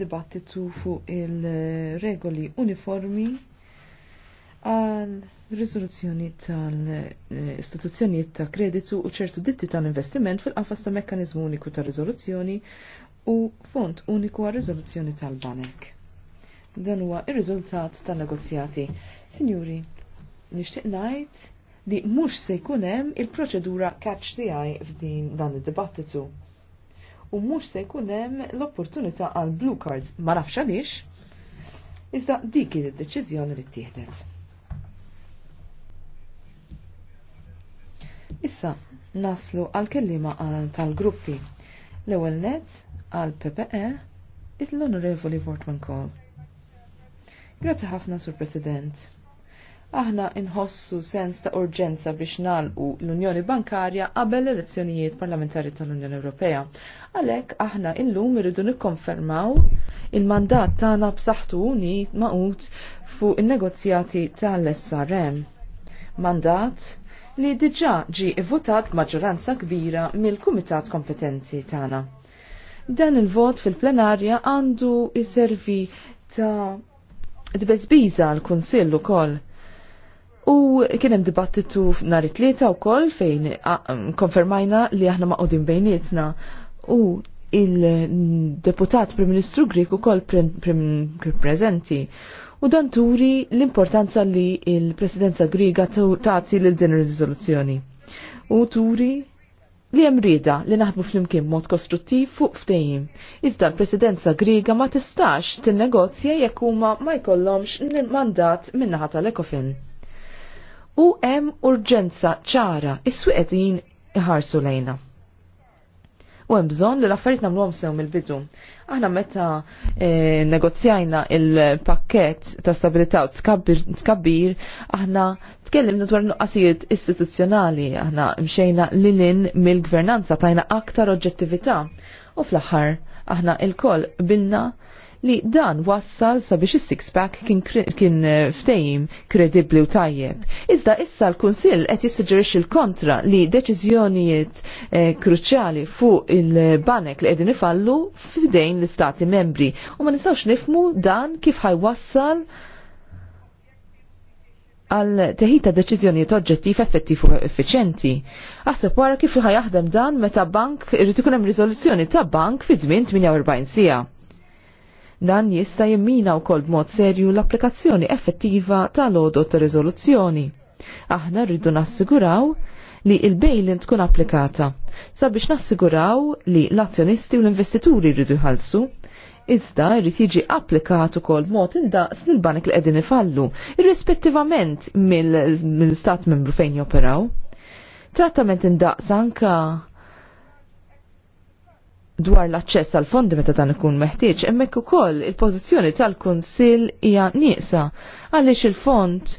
dibattitu fuq il-regoli uniformi għal riżoluzzjoni tal-istituzzjonijiet ta' kreditu u ċertu ditti tal-investiment fil-qafas ta' mekkanizmu uniku ta' riżoluzzjoni u font uniku għal riżoluzzjoni tal-banek. Dan huwa ir-riżultat tan negozjati. Sinjuri, nixtieq ngħid li mhux se jkun hemm il-proċedura catch the eye f'din dan id-dibattitu u mhux se jkun hemm l-opportunità għal blue cards ma nafx għaliex, iżda dik id-deċiżjoni li ttieħdet. Issa naslu għal kellima tal-gruppi. L-ewwel net għal PPE l-Onorevoli Vortman Call. Grazzi ħafna, Sur President aħna inħossu sens ta' urġenza biex nalqu l-Unjoni Bankarja qabel l-elezzjonijiet parlamentari tal-Unjoni Ewropea. Għalhekk aħna illum irridu nikkonfermaw il-mandat tagħna b'saħħtu unit maqut fuq in-negozjati tal-SRM. Mandat li diġà ġi votat maġġoranza kbira mill-kumitat kompetenti tagħna. Dan il-vot fil-plenarja għandu iservi ta' dbezbiza l-Kunsillu koll U kienem dibattitu nhar it-tlieta wkoll fejn mm, konfermajna li aħna maqogħdin bejnietna u il-deputat Prim Ministru Grik ukoll preżenti. U dan turi l-importanza li il-Presidenza Griga tagħti lil din ir-riżoluzzjoni. U turi li hemm rieda li naħdmu flimkien mod kostruttiv fuq ftehim. Iżda l-Presidenza Griga ma tistax tinnegozja jekk huma ma jkollhomx mandat min-naħa tal-Ekofin u hemm urġenza ċara is-swieqedin iħarsu lejna. U hemm bżonn li l-affarijiet nagħmluhom sew mill-bidu. Aħna meta eh, negozjajna il-pakkett ta' stabilità u tkabbir, aħna tkellimna dwar nuqqasijiet istituzzjonali, aħna mxejna lilin mill-gvernanza tajna aktar oġġettività. U fl-aħħar aħna il-koll bilna li dan wassal sabiex is-six-pack kien, kien eh, ftejim kredibli u tajjeb. Iżda issa l-Kunsill qed jissuġġerixxi l-kontra li deċiżjonijiet eh, kruċjali fuq il-banek li qegħdin ifallu f'idejn l-istati membri u ma nistgħux nifmu dan kif ħajwassal għal teħita deċiżjonijiet oġġettiv effettiv u effiċenti. Aħseb wara kif ħajaħdem dan meta bank irid ikun hemm riżoluzzjoni ta' bank fi żmien 48 sija. Dan jista' jimmina wkoll b'mod serju l-applikazzjoni effettiva tal-odot riżoluzzjoni. Aħna rridu nassiguraw li il-bejlin tkun applikata sabiex nassiguraw li l-azzjonisti u l-investituri rridu jħallsu iżda jrid jiġi applikat ukoll mod indaqs lil banek li qegħdin ifallu, irrispettivament mill-stat membru fejn joperaw. Trattament indaqs anka dwar l-aċċess għal fondi meta dan ikun meħtieġ, hemmhekk ukoll il-pożizzjoni tal-Kunsill hija nieqsa għaliex il-fond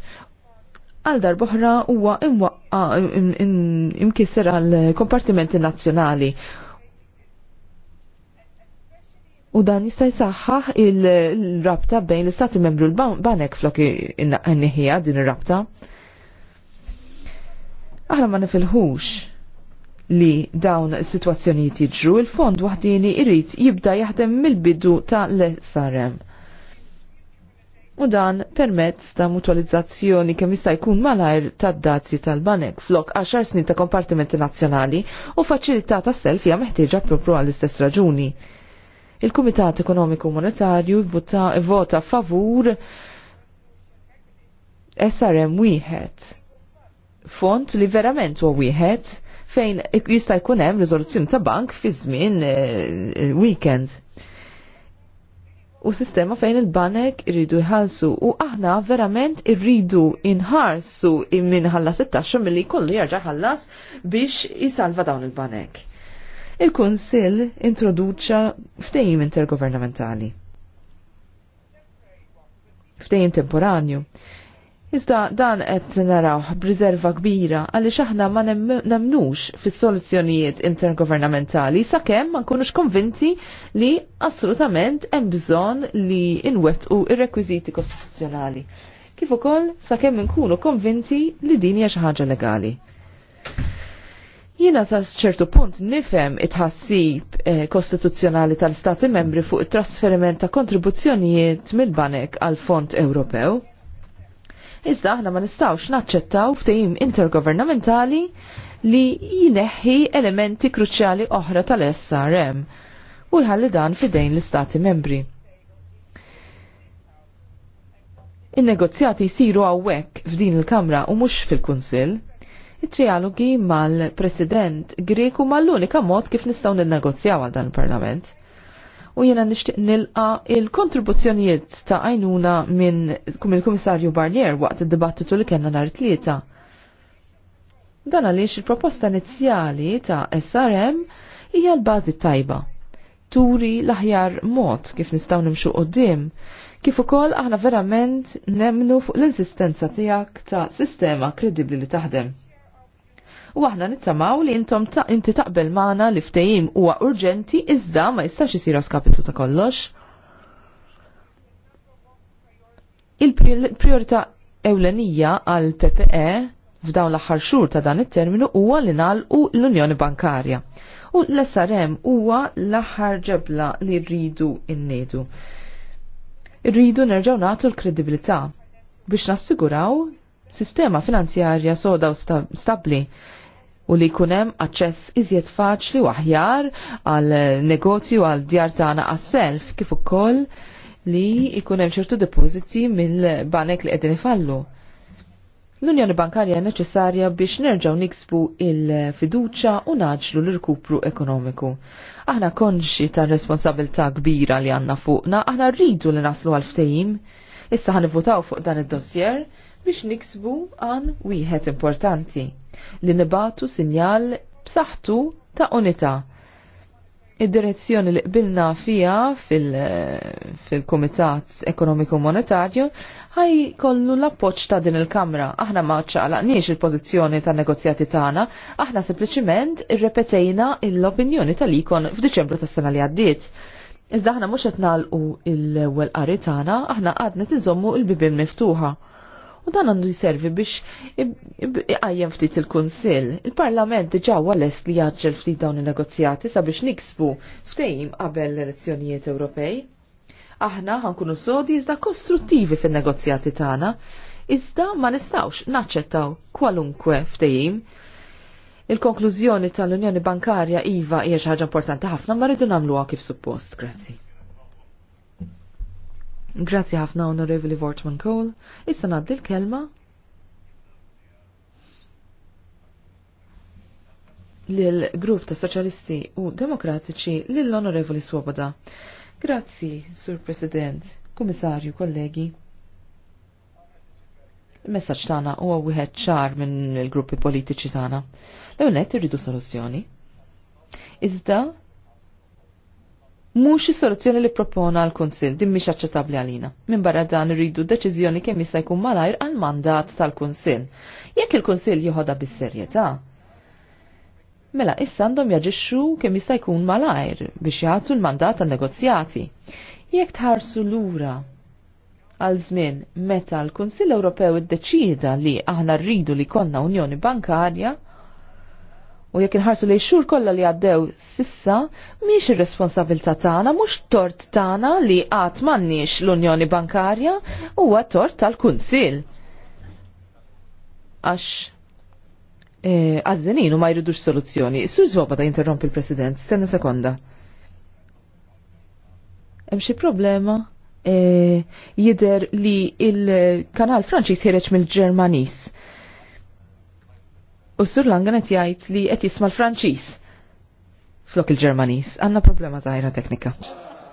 għal darboħra huwa imkisser għal kompartimenti nazzjonali. U dan jista' jsaħħaħ il-rabta bejn l-istati membru l-banek flok inneħija din ir-rabta. Aħna ma nifilħux li dawn situazzjoni jiġru, il-fond waħdini irrit jibda jaħdem mill-bidu ta' l-sarem. U dan permezz ta' mutualizzazzjoni kemm jista' jkun malajr tad dazzi tal-banek flok 10 snin ta' kompartimenti nazzjonali u faċilità ta' self hija meħtieġa propru għall-istess raġuni. Il-Kumitat Ekonomiku Monetarju vota favur SRM wieħed. Font li verament huwa wieħed fejn jista' jkun hemm riżoluzzjoni ta' bank fi żmien eh, eh, weekend. U sistema fejn il-banek irridu jħallsu u aħna verament irridu inħarsu minn ħalla it-taxxa milli kollu jerġa' ħallas biex jisalva dawn il-banek. Il-Kunsill introduċa ftehim intergovernamentali. Ftehim temporanju Iżda dan qed narawh b'riserva kbira għaliex aħna ma nemnux fis-soluzzjonijiet intergovernamentali sakemm ma nkunux konvinti li assolutament hemm bżonn li nwettqu ir-rekwiżiti kostituzzjonali. Kif ukoll sakemm inkunu konvinti li din hija xi ħaġa legali. Jiena sa ċertu punt nifem it-ħassib eh, kostituzzjonali tal-Stati membri fuq it-trasferiment ta' kontribuzzjonijiet mill-banek għal Fond Ewropew Iżda aħna ma nistawx naċċettaw ftehim intergovernamentali li jineħħi elementi kruċjali oħra tal-SRM u jħalli dan fidejn l-Istati membri. In-negozjati jisiru għawek f'din il-Kamra u mhux fil-Kunsill, it-trialogi mal-President Grek u mal-unika mod kif nistgħu ninnegozjaw għal dan il-Parlament u jena nishtiq nilqa il-kontribuzzjonijiet ta' għajnuna minn il-Komissarju Barnier waqt id-dibattitu li kena nar tlieta. Dan għaliex il-proposta inizjali ta' SRM hija l-bażi tajba. Turi l-aħjar mod kif nistgħu nimxu qoddim, kif ukoll aħna verament nemnu fuq l-insistenza tiegħek ta' sistema kredibbli li taħdem u aħna nittamaw li intom ta inti taqbel maħna li ftejim huwa urġenti iżda ma jistax isir skapitu ta' kollox. Il-priorità ewlenija għal PPE f'dawn l-aħħar xhur ta' dan it-terminu huwa li nagħlqu l-Unjoni Bankarja. U l-SRM huwa l-aħħar ġebla li rridu innedu. Rridu nerġgħu nagħtu l-kredibilità biex nassiguraw sistema finanzjarja soda u stabli u li kunem aċċess iżjed faċli u aħjar għal negozju għal djar tagħna għas-self kif ukoll li jkun hemm ċertu depożiti mill-banek li qegħdin ifallu. L-Unjoni Bankarja neċessarja biex nerġaw niksbu il-fiduċa u naġlu l-rkupru ekonomiku. Aħna konxi ta' responsabilità kbira li għanna fuqna, aħna rridu li naslu għal-ftejim. Issa ħanivvotaw fuq dan id-dossier biex niksbu għan wieħed importanti li nibatu sinjal b'saħħtu ta' unità. Id-direzzjoni li qbilna fija fil-Komitat fil Ekonomiku Monetarju ħaj kollu l-appoċ ta' din il-Kamra. Aħna ma ċaqlaqniex il-pożizzjoni ta' negozjati tagħna, aħna sempliċiment irrepetejna l-opinjoni tal-ikon f'Diċembru tas-sena li għaddiet. Iżda aħna mhux qed nagħlqu l-ewwel qari tagħna, aħna għadna tinżommu l-bibien miftuħa u dan għandu jservi biex iqajjem ftit il-Kunsill. Il-Parlament ġawwa lest li jaġġel ftit dawn in-negozjati sabiex niksbu ftejim qabel l-elezzjonijiet Ewropej. Aħna ħankunu sodi iżda kostruttivi fin-negozjati tagħna, iżda ma nistawx naċċettaw kwalunkwe ftejim Il-konklużjoni tal-Unjoni Bankarja IVA hija xi ħaġa importanti ħafna ma rridu nagħmluha kif suppost. Grazzi. Grazzi ħafna Onorevoli Vortman Cole. Issa naddi l-kelma lill-grupp ta' Soċjalisti u Demokratiċi lill-Onorevoli Swoboda. Grazzi, Sur President, Kummissarju, kollegi. Il-messaġġ tagħna huwa wieħed ċar minn il-gruppi politiċi tagħna. L-ewwel irridu soluzzjoni. Iżda mhux is-soluzzjoni li propona l-Kunsill din mhix aċċettabbli għalina. Minn barra dan irridu deċiżjoni kemm jista' jkun malajr għal mandat tal-Kunsill. Jekk il-Kunsill joħodha bis-serjetà, mela issa għandhom jaġixxu kemm jista' jkun malajr biex jagħtu l-mandat tan-negozjati. Jekk tħarsu lura għal żmien meta l-Kunsill Ewropew iddeċida li aħna rridu li konna Unjoni Bankarja, U jekk inħarsu li xur kollha li għaddew sissa, miex ir-responsabilità tagħna, mhux tort tagħna li qatt m'għandniex l-Unjoni Bankarja, huwa tort tal-Kunsill. Għax e, għażżinin u ma jridux soluzzjoni. Sur żoba ta' interrompi l-President, stenna sekonda. Hemm xi problema? E, jider li il-kanal Franċiż ħireġ mill-Ġermanis U Sur Langan qed jgħid li qed jisma' l-Franċiż flok il-Ġermaniż. Għandna problema ta' teknika.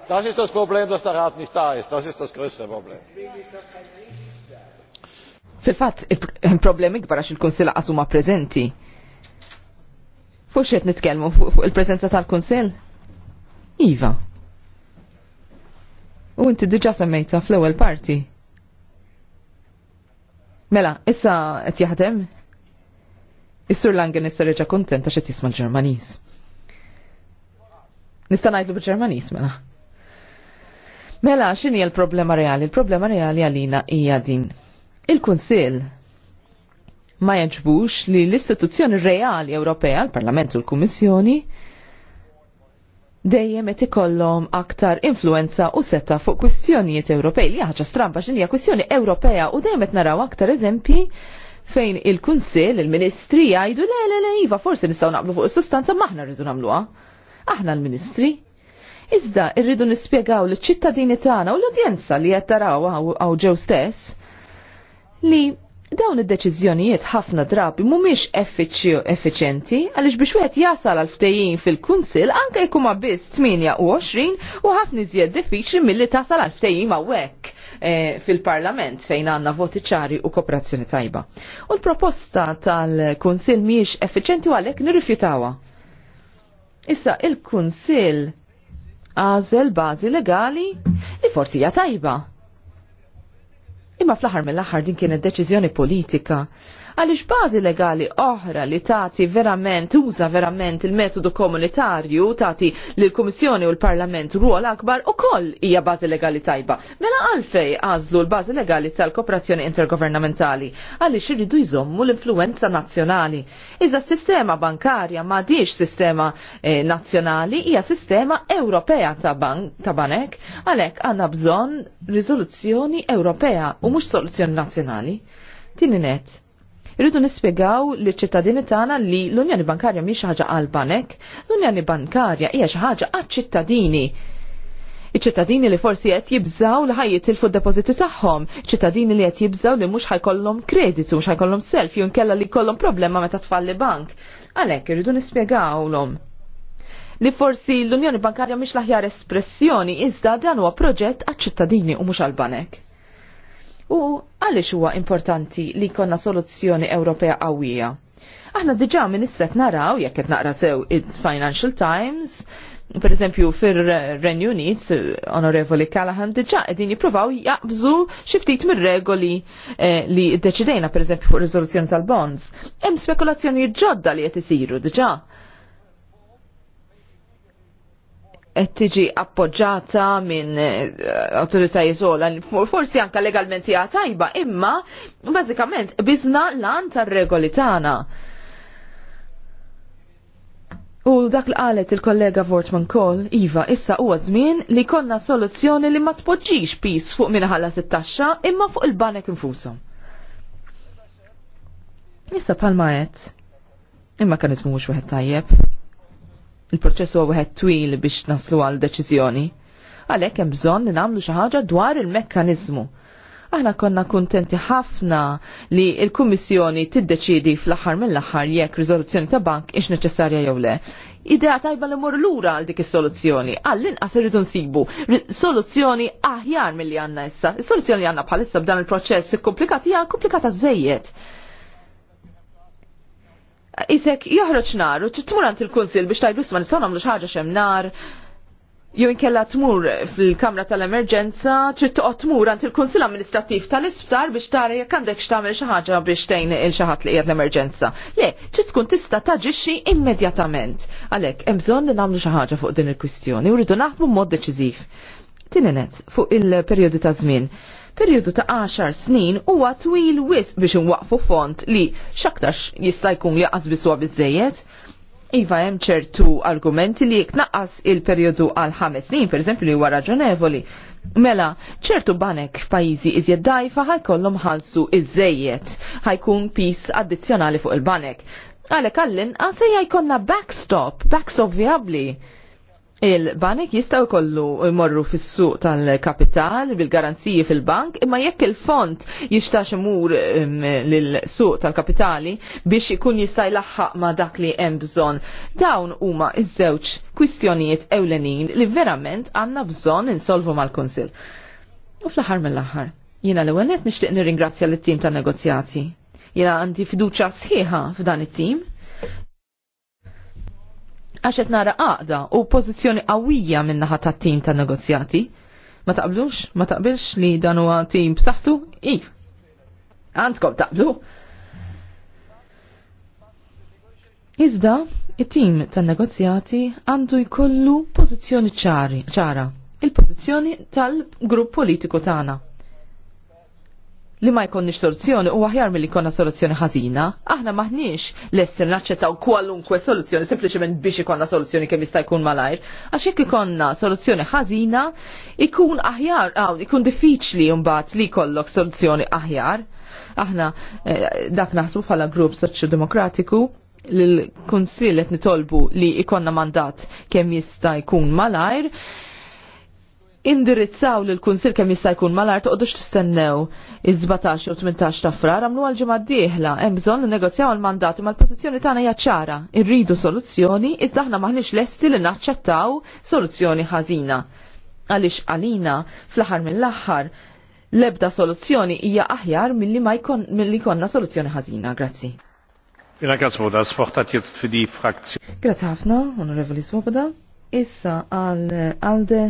Das ist das Problem, dass der Rat nicht da ist. Das ist das größere Problem. Fil-fatt, il-problemi ikbar għax il-Kunsilla qasuma preżenti. Fuq xed nitkellmu fuq il-preżenza tal-Kunsill? Iva. U inti diġa semmejta fl-ewwel parti. Mela, issa qed jaħdem Is-sur Langen issa reġa' kontent għax qed jisma' l-Ġermaniż. Nista' ngħidlu bil-Ġermaniż mela. Mela, x'inhi l-problema reali? Il-problema reali għalina hija din. Il-Kunsill ma jaġbux li l-istituzzjoni reali Ewropea, l-Parlament u l-Kummissjoni, dejjem qed ikollhom aktar influenza u setta fuq kwistjonijiet Ewropej li ħaġa stramba x'inhija kwistjoni Ewropea u dejjem qed naraw aktar eżempji fejn il-Kunsill, il-Ministri jgħidu le le le iva forsi nistgħu naqblu fuq is-sustanza maħna rridu nagħmluha. Aħna l-Ministri. Iżda rridu nispjegaw liċ ċittadini tagħna u l-udjenza li qed taraw ġew stess li dawn id-deċiżjonijiet ħafna drabi mhumiex effiċenti għaliex biex wieħed jasal għal ftehim fil-kunsill anke jkun ma biss 28 u ħafna iżjed diffiċli milli tasal għal ftehim hawnhekk Eh, fil-Parlament fejn għandna voti ċari u kooperazzjoni tajba. U l-proposta tal-Kunsil miex effiċenti u għalhekk nirrifjutawa. Issa il-Kunsil għażel bażi legali li forsi hija tajba. Imma fl-aħħar mill-aħħar din kienet deċiżjoni politika għaliex bażi legali oħra li tagħti verament uża verament il-metodu komunitarju tagħti lill kummissjoni u l-Parlament ruol akbar ukoll hija bażi legali tajba. Mela għalfej għażlu l-bażi legali tal-kooperazzjoni intergovernamentali għaliex irridu jżommu l-influenza nazzjonali. Iżda s-sistema bankarja m'għadix sistema eh, nazzjonali hija sistema Ewropea ta' banek għalhekk għandna bżonn riżoluzzjoni Ewropea u mhux soluzzjoni nazzjonali. Tini net, Irridu nispjegaw li ċittadini tagħna li l-Unjoni Bankarja mhix ħaġa għall-banek, l-Unjoni Bankarja hija xi ħaġa għaċ-ċittadini. Iċ-ċittadini li forsi qed jibżaw li ħajjit il depożiti tagħhom, ċittadini li qed jibżaw li mhux ħajkollhom kreditu, mhux ħajkollhom self, jew inkella li jkollhom problema meta tfalli bank. Għalhekk irridu nispjegawlhom li forsi l-Unjoni Bankarja mhix l-aħjar espressjoni iżda dan huwa proġett għaċ-ċittadini u mhux għal banek u għaliex huwa importanti li jkollna soluzzjoni Ewropea qawwija. Aħna diġà minn isset naraw jekk qed naqra sew il financial Times, per eżempju fir-Renju Unit, onorevoli Callahan, diġa' qegħdin jippruvaw jaqbżu xi ftit mir-regoli eh, li ddeċidejna per eżempju fuq riżoluzzjoni tal-bonds. Hemm spekulazzjonijiet ġodda li qed isiru diġà qed tiġi appoġġata minn eh, awtoritajiet ola forsi anke legalment hija tajba, imma bażikament biżna lan tar-regoli tagħna. U dak li qalet il-kollega Vortman Kol, Iva, issa huwa żmien li konna soluzzjoni li ma tpoġġix pis fuq minn ħalla it imma fuq il-banek infushom. Issa palma qed. Imma kan ismu mhux wieħed tajjeb il-proċess huwa wieħed twil biex naslu għal deċiżjoni. Għalhekk hemm bżonn li nagħmlu xi ħaġa dwar il-mekkaniżmu. Aħna konna kuntenti ħafna li l-Kummissjoni tiddeċidi fl-aħħar mill-aħħar jekk riżoluzzjoni ta' bank ix neċessarja jew le. Idea tajba li mor lura għal dik is-soluzzjoni. Għall-inqas irridu nsibu soluzzjoni aħjar mill-li għandna issa. Is-soluzzjoni għandna bħalissa b'dan il-proċess ikkomplikat hija komplikata żejjed isek joħroġ nar u tmur għand il-kunsil biex tajdu ma nistgħu nagħmlu ħaġa xem nar. Jew inkella tmur fil-kamra tal-emerġenza, trid toqgħod tmur għand il-kunsil amministrattiv tal-isptar biex tara jekk għandek x xi ħaġa biex tgħin il xi ħadd li qiegħed l-emerġenza. Le, trid tkun tista' taġixxi immedjatament. Għalhekk hemm bżonn li nagħmlu xi ħaġa fuq din il-kwistjoni u rridu naħdmu b'mod deċiżiv. Tinenet fuq il-perjodi ta' żmien periodu ta' 10 snin huwa twil wisq biex nwaqfu font li xaktax jista' jkun li biswa biżejjed. Iva hemm ċertu argumenti li jekk naqqas il-perjodu għal ħames snin, pereżempju li huwa raġonevoli. Mela, ċertu banek f'pajjiżi iżjed dajfa ħajkollhom ħalsu iżejjed, ħajkun pis addizzjonali fuq il-banek. Għalhekk għall-inqas se jkonna backstop, backstop viabli il banik jistaw kollu jmorru fis-suq tal-kapital bil-garanziji fil-bank, imma jekk il-font jistax imur lil-suq tal-kapitali biex ikun jista' jlaħħaq ma' dak li hemm bżonn. Dawn huma iż-żewġ kwistjonijiet ewlenin li verament għandna bżonn insolvu mal-Kunsill. U fl-aħħar mill-aħħar, jiena l-ewwel nixtieq nirringrazzja lit-tim tan-negozjati. Jiena għandi fiduċa sħiħa f'dan it-tim għaxet nara għaqda u pozizjoni qawwija minnaħa ta' tim ta' negozjati. Ma taqblux? Ma taqbilx li dan huwa tim b'saħħtu? I. Għandkom taqblu. Iżda, it-tim tan negozjati għandu jkollu pożizzjoni ċara, il-pożizzjoni tal-grupp politiku tagħna li ma jkonniex soluzzjoni u aħjar mill-li konna soluzzjoni ħażina, aħna maħniex lester naċċettaw kwalunkwe soluzzjoni sempliċement biex ikonna soluzzjoni kemm jista' jkun malajr. Għax jekk ikonna soluzzjoni ħażina, ikun aħjar, hawn ikun diffiċli mbagħad li jkollok soluzzjoni aħjar. Aħna eh, dak naħsbu bħala grupp demokratiku, l-Kunsill qed nitolbu li ikonna mandat kemm jista' jkun malajr indirizzaw lil kunsil kemm jista' jkun malar toqgħodux tistennew il-17 u 18 ta' frar għamlu għal ġimgħa d-dieħla hemm bżonn negozjaw il-mandat ma' l-pożizzjoni tagħna hija ċara. Irridu soluzzjoni iżda aħna maħniex lesti li naċċettaw soluzzjoni ħażina. Għaliex għalina fl-aħħar mill-aħħar l-ebda soluzzjoni hija aħjar milli ma jkun milli konna soluzzjoni ħażina. Grazzi. Grazie ħafna, onorevoli Svoboda. Issa għal għalde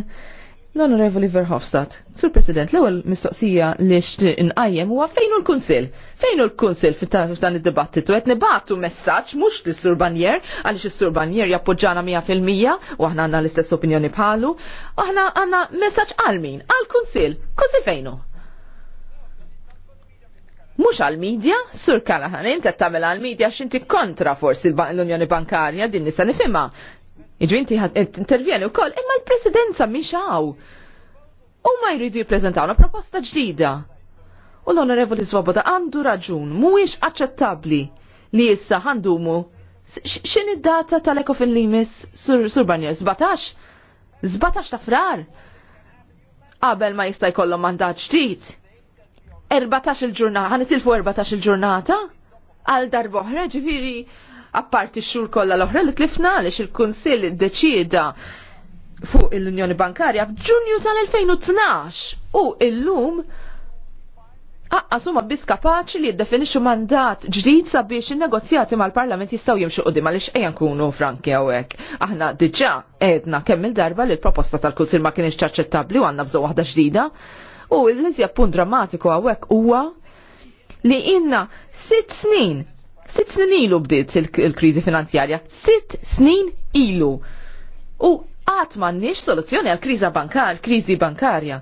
L-Onorevoli Verhofstadt, Sur President, l-ewel mistoqsija li xtiq inqajjem huwa fejn l-Kunsil? Fejn l-Kunsil f'dan id-dibattitu qed nibatu messaġġ mhux lis sur Banjer għaliex is-Sur Banjer jappoġġana 100% u aħna għandna l-istess opinjoni bħalu. Aħna għandna messaġġ għal min? Għall-Kunsil. Kunsil fejnu? mux għal-medja, sur Kalahan, inti tagħmel għal-medja x'inti kontra forsi l-Unjoni Bankarja din nisa nifhimha. Iġri inti intervjeni u koll, imma l-presidenza miex għaw. U ma jridu jiprezentawna proposta ġdida. U l-onorevoli Svoboda għandu raġun, mhuwiex aċċettabbli li issa għandumu. Xin id-data tal-ekofin li sur, sur Barnier? 17? ta' frar? Qabel ma jista' jkollhom mandat ġdid. 14 il-ġurnata, ħanitilfu 14 il-ġurnata? Għal darboħra ġifiri apparti xur xhur kollha l-oħra li tlifna għaliex il-Kunsill iddeċieda fuq l-Unjoni Bankarja f'Ġunju tal-2012 u illum Aqqas huma biss kapaċi li jiddefinixxu mandat ġdid sabiex in-negozjati mal-Parlament jistgħu jimxu qudiem għaliex ejja nkunu franki hawnhekk. Aħna diġà qedna kemm il-darba li l-proposta tal-Kunsil ma kienx ċaċċettabbli u għandna bżonn waħda ġdida. U l-iżjab punt drammatiku hawnhekk huwa li inna sitt snin Sitt snin ilu bdiet il-kriżi finanzjarja, sitt snin ilu. U għat m'għandniex soluzzjoni għal kriża bankar, kriżi bankarja.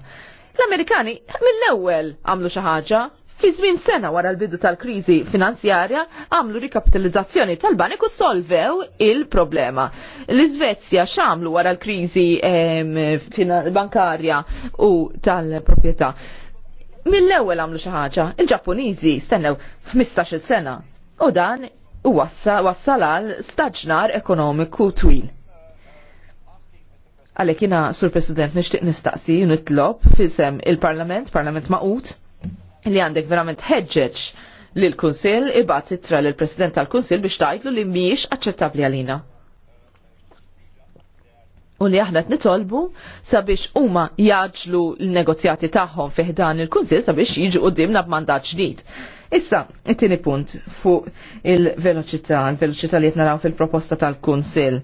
L-Amerikani mill-ewwel għamlu xi ħaġa fi żmien sena wara l-bidu tal-kriżi finanzjarja għamlu rikapitalizzazzjoni tal-banek u solvew il-problema. L-Iżvezja x'għamlu wara l-kriżi ehm, bankarja u tal-proprjetà mill-ewwel għamlu xi ħaġa, il-Ġappuniżi stennew 15-il sena u dan u wassal għal staġnar ekonomiku twil. Għalek jina, Sur President, nishtiq nistaqsi, nitlob fisem il-Parlament, Parlament maqut, li għandek verament ħedġeċ li l-Kunsil ibat itra l-President tal-Kunsil biex tajtlu li miex aċċettabli għalina. U li aħna nitolbu sabiex huma jaġlu l-negozjati tagħhom fiħdan il-Kunsil sabiex jiġu qudiemna b'mandat ġdid. Issa, it-tieni punt fuq il-veloċità, il-veloċità li qed naraw fil-proposta tal-Kunsill.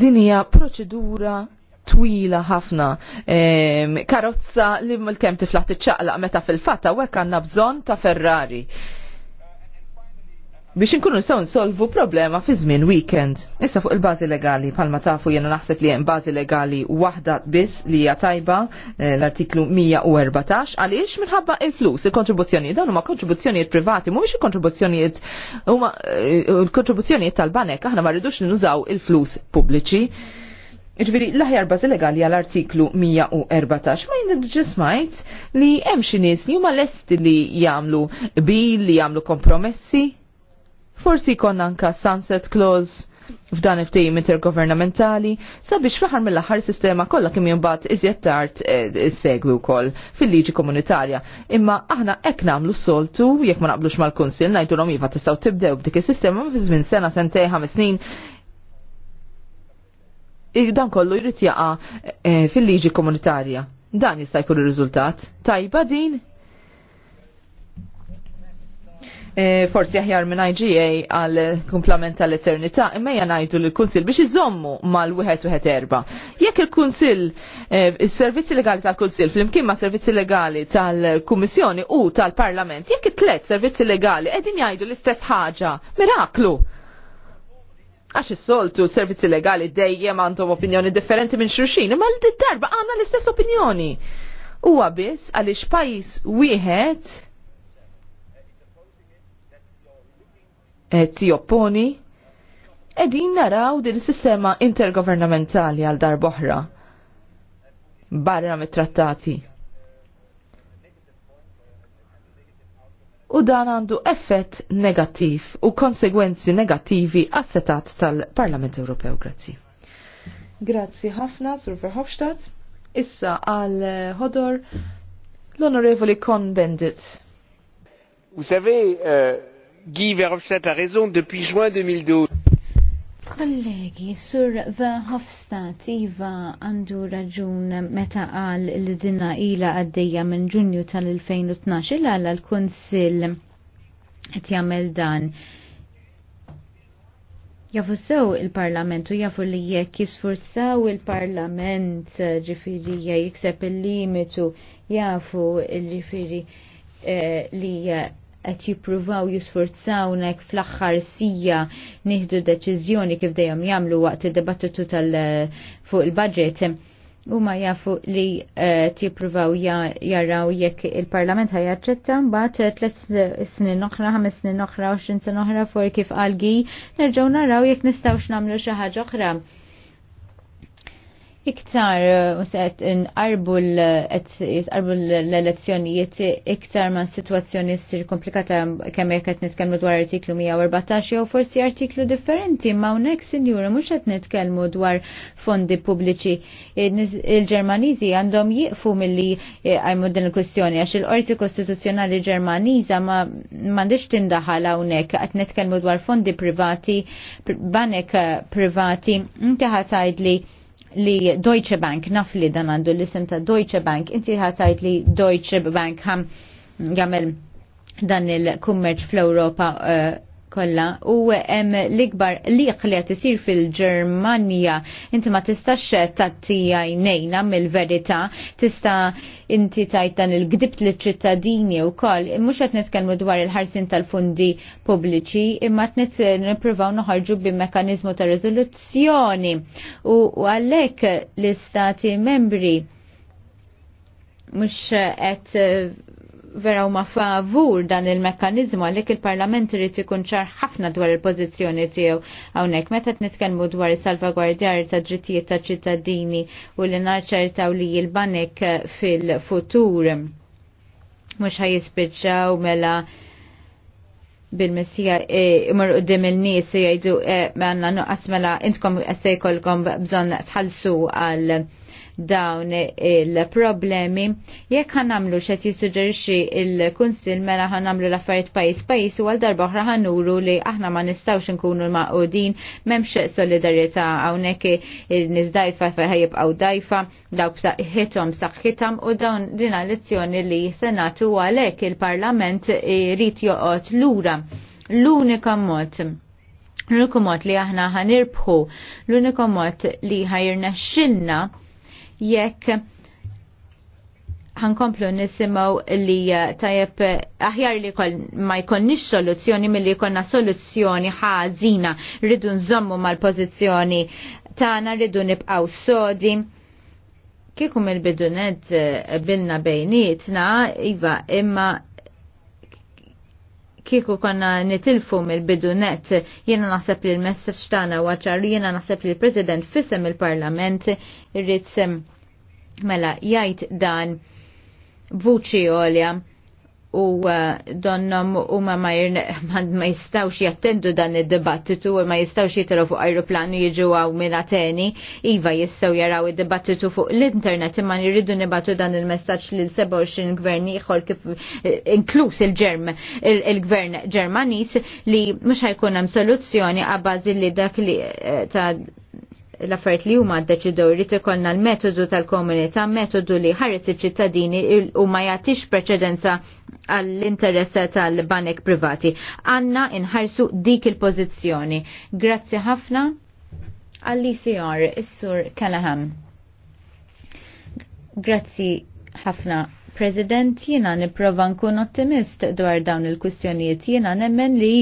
Din hija proċedura twila ħafna ehm, karozza li mal-kem tiflaħt iċċaqla meta fil-fatta u għek għanna bżon ta' Ferrari biex inkunu nistgħu nsolvu problema fi żmien weekend. Issa fuq il-bażi legali palma tafu jiena naħseb li hemm bażi legali waħda biss li hija tajba eh, l-artiklu 114 għaliex minħabba il-flus, il-kontribuzzjonijiet dawn huma kontribuzzjonijiet privati, mhumiex il-kontribuzzjonijiet huma eh, il-kontribuzzjonijiet tal-banek aħna ma rridux nużaw il-flus pubbliċi. Iġviri, l bazi legali għal-artiklu 114 ma jinnġismajt li hemm xi nies li huma lesti li jagħmlu bil, li jagħmlu kompromessi Forsi jkollna anka sunset clause f'dan il intergovernamentali sabiex fl ħar mill-aħħar sistema kollha kemm jinbagħad iżjed tard eh, segwi wkoll fil-liġi komunitarja. Imma aħna hekk nagħmlu soltu jekk ma naqblux mal-Kunsill ngħidulhom iva tistgħu tibdew b'dik is-sistema fi żmien sena sentej ħames snin dan kollu jrid jaqa' eh, fil-liġi komunitarja. Dan jista' jkun ir-riżultat. Tajba din E, forsi aħjar minn IGA għal kumplament tal-eternità, imma jgħajdu l-Kunsil biex iżommu mal-1-1-4. Jekk il-Kunsil, e, il-servizzi legali tal-Kunsil, fl-imkien ma' servizzi legali tal-Kummissjoni u tal-Parlament, jekk it-tlet servizzi legali edin jgħajdu l-istess ħaġa, miraklu. Għax is-soltu servizzi legali dejjem għandhom opinjoni differenti minn xurxin, imma l-darba għandna l-istess opinjoni. Huwa biss għaliex pajjiż wieħed ti opponi, edin naraw din sistema intergovernamentali għal dar boħra barra mit-trattati. U dan għandu effett negattiv u konsegwenzi negattivi assetat tal-Parlament Ewropew. Grazzi. Grazzi ħafna, Sur Verhofstadt. Issa għal eh, ħodor l-Onorevoli Kon Bendit. U savez, uh... Guy Verhofstadt a raison depuis juin 2012. Kollegi, sur Verhofstadt iva għandu raġun meta qal l dinna ila għaddejja minn ġunju tal-2012 il l-Konsil qed jagħmel dan. Jafu sew il-parlamentu, jafu li jekk jisfurzaw il-parlament ġifiri jikseb il-limitu, jafu ġifiri eh, li qed jippruvaw jisforzawnek fl-aħħar sija nieħdu deċiżjoni kif dejjem jagħmlu waqt id-dibattitu tal fuq il-budget huma jafu li uh, tippruvaw jarraw jekk il-Parlament ħajaċċetta mbagħad eh, tliet snin oħra, ħames snin oħra, 20 sena oħra for kif għalgi nerġgħu naraw jekk nistgħux nagħmlu xi ħaġa oħra iktar qed uh, inqarbu l-elezzjonijiet iktar ma' situazzjoni ssir komplikata kemm jekk qed nitkellmu dwar artiklu 114 jew forsi artiklu differenti ma' hawnhekk sinjura mhux qed nitkellmu dwar fondi pubbliċi. Il-Ġermaniżi għandhom jieqfu milli eh, għajmu din il-kwestjoni għax il-Qorti Kostituzzjonali Ġermaniża ma m'għandix tindaħal hawnhekk qed nitkellmu dwar fondi privati, banek eh, privati, inti ħatajdli li li Deutsche Bank, naf li dan għandu l-isem ta' Deutsche Bank, inti ħatajt li Deutsche Bank ħam għamil dan il-kummerċ fl-Europa uh, kolla u hemm l-ikbar liq li qed isir fil-Ġermanja inti ma tistax tattija jnejna mill-verità tista' inti tajt dan il-gdibt li ċittadini u koll mux qed nitkellmu dwar il-ħarsin tal-fundi pubbliċi imma qed nippruvaw noħarġu bi mekkaniżmu ta' riżoluzzjoni u għalhekk l-istati membri mhux qed vera huma favur dan il-mekkanizmu għalhekk il-Parlament irid ikun ċar ħafna dwar il-pożizzjoni tiegħu hawnhekk meta qed nitkellmu dwar is-salvagwardjar ta' drittijiet ta' ċittadini u li naċċertaw li jilbanek fil-futur mhux ħajjispiċċaw mela bil-messija e, imur u dim il-nis e jgħidu e, għanna nuqqas mela intkom se jkollkom bżon tħalsu għal dawn il-problemi. Jekk ħanamlu xed jissuġġerixxi il-Kunsil mela ħanamlu l-affarijiet pajjiż pajjiż u għal darba oħra ħanuru li aħna ma nistawx nkunu memx m'hemmx solidarjetà hawnhekk nizdajfa fejħajib għaw dajfa dawk saħħithom saħħithom u dawn din lezzjoni li senatu għalhekk il-Parlament joqot joqgħod lura. L-unika mod l-uniku mod li aħna ħanirbħu, l-uniku mod li ħajrna xinna jekk ħankomplu nisimaw li eh, tajjeb aħjar li kol ma jkonnix soluzzjoni mill-li jkonna soluzzjoni ħażina rridu nżommu mal-pożizzjoni tagħna rridu nibqgħu sodi. kikum il-bidunet eh, bilna bejnietna, iva, imma kieku konna nitilfu mill-bidunet jiena naħseb li l-messaġġ tagħna waċar jiena naħseb li l-President fissem il-Parlament irrid mela jgħid dan vuċi għolja u uh, donnom u ma ma jistawx jattendu dan id-dibattitu u ma jistawx jitru fuq aeroplanu jiġu għaw minna teni, iva jistaw jaraw id-dibattitu fuq l-internet imma nirridu nibattu dan il-messaċ li l-27 gvern ieħor kif eh, inkluż il-ġerm il-gvern Ġermanis li mhux ħajkun hemm soluzzjoni għabbażi li dak li eh, ta' l-affarijiet li huma ddeċidew irid ikollna l-metodu tal-komunità, metodu li ħares iċ-ċittadini u ma jagħtix preċedenza għall-interess tal-banek privati. Għanna inħarsu dik il-pożizzjoni. Grazzi ħafna għall-ICR, is-Sur Callahan. Grazzi ħafna President, jiena nipprova nkun ottimist dwar dawn il kustjonijiet Jiena nemmen li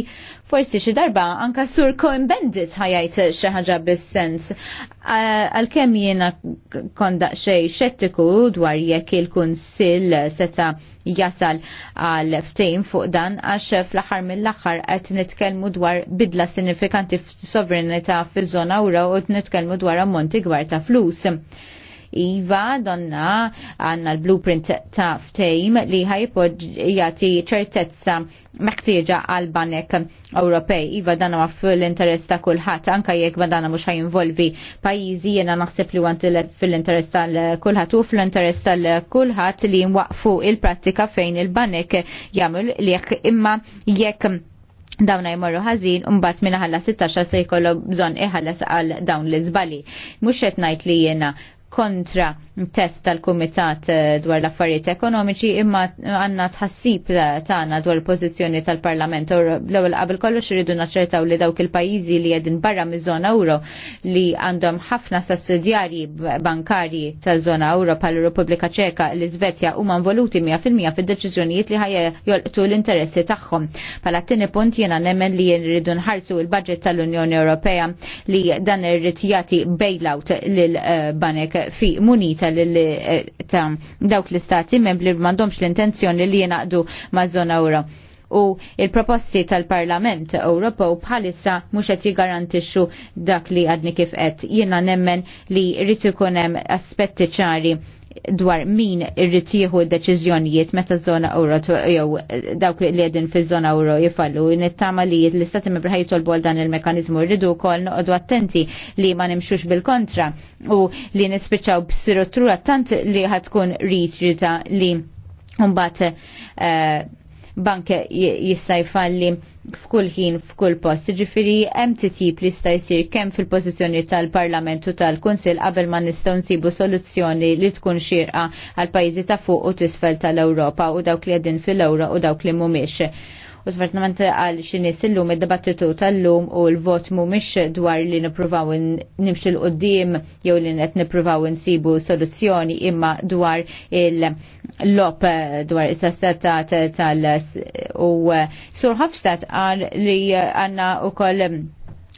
forsi xi darba anka sur Cohen Bendit ħajajt xi ħaġa bis-sens. Għalkemm jiena konda xej xettiku dwar jekk il-Kunsill seta' jasal għal ftejn fuq dan għax fl-aħħar mill-aħħar qed nitkellmu dwar bidla sinifikanti f'sovranità fiż-żona ura u nitkellmu dwar ammonti gwar ta' flus. Iva, donna għanna l-blueprint ta' ftejm li ħajpod jati ċertezza meħtieġa għal banek Ewropej. Iva, danna ma' fil-interess ta' kullħat, anka jekk ma' danna mux ħajinvolvi pajizi jena naħseb li għant fil-interess tal-kullħat u fil-interess tal-kullħat li jmwaqfu il-prattika fejn il-banek jamil li imma jekk dawna jmorru ħażin mbagħad minn ħalla 16 se jkollu bżonn iħallas għal dawn l-iżbali. Mhux qed ngħid li jiena kontra test tal-Kumitat eh, dwar l-affarijiet ekonomiċi imma għanna tħassib tagħna dwar il-pożizzjoni tal-Parlament l-ewwel qabel kollox irridu naċċertaw li dawk il-pajjiżi li qegħdin barra miż-żona euro li għandhom ħafna sassidjarji bankarji ta' żona euro pal Repubblika Ċeka l iżvezja huma involuti 100% fid-deċiżjonijiet li ħajja jolqtu l-interessi tagħhom. Bħala tieni punt jiena nemmen li jridu nħarsu il-budget tal-Unjoni Ewropea li dan irrid jagħti bailout lil eh, banek fi munita li eh, ta' dawk l-istati membri li m'għandhomx l-intenzjoni li jingħaqdu maż-żona euro u il-proposti tal-Parlament Ewropew bħalissa mhux qed jiggarantixxu dak li għadni kif qed. Jiena nemmen li rrid ikun hemm aspetti ċari dwar min irrid jieħu d-deċiżjonijiet meta żona euro jew dawk li qegħdin fiż-żona euro jifallu nittama li l-istati membri ħajtolbu għal dan il-mekkaniżmu rridu wkoll noqogħdu attenti li ma nimxux bil-kontra u li nispiċċaw b'sirottura tant li ħatkun ritrita li mbagħad eh, bank jista' jfalli f'kull ħin f'kull post. Ġifiri, hemm titjib li jista' jsir kemm fil-pożizzjoni tal-Parlamentu tal-Kunsill qabel ma nistgħu nsibu soluzzjoni li tkun xirqa għal pajjiżi ta' fuq u tisfel tal-Ewropa u dawk li għedin fil-Ewro u dawk li mhumiex u svertament għal xinis illum id-dibattitu tal-lum u l-vot mhumiex dwar li nippruvaw nimxu l-qoddim jew li qed nippruvaw nsibu soluzzjoni imma dwar il-lop dwar is-sassattat tal- u eh, Sur Hofstadt għal li għandna wkoll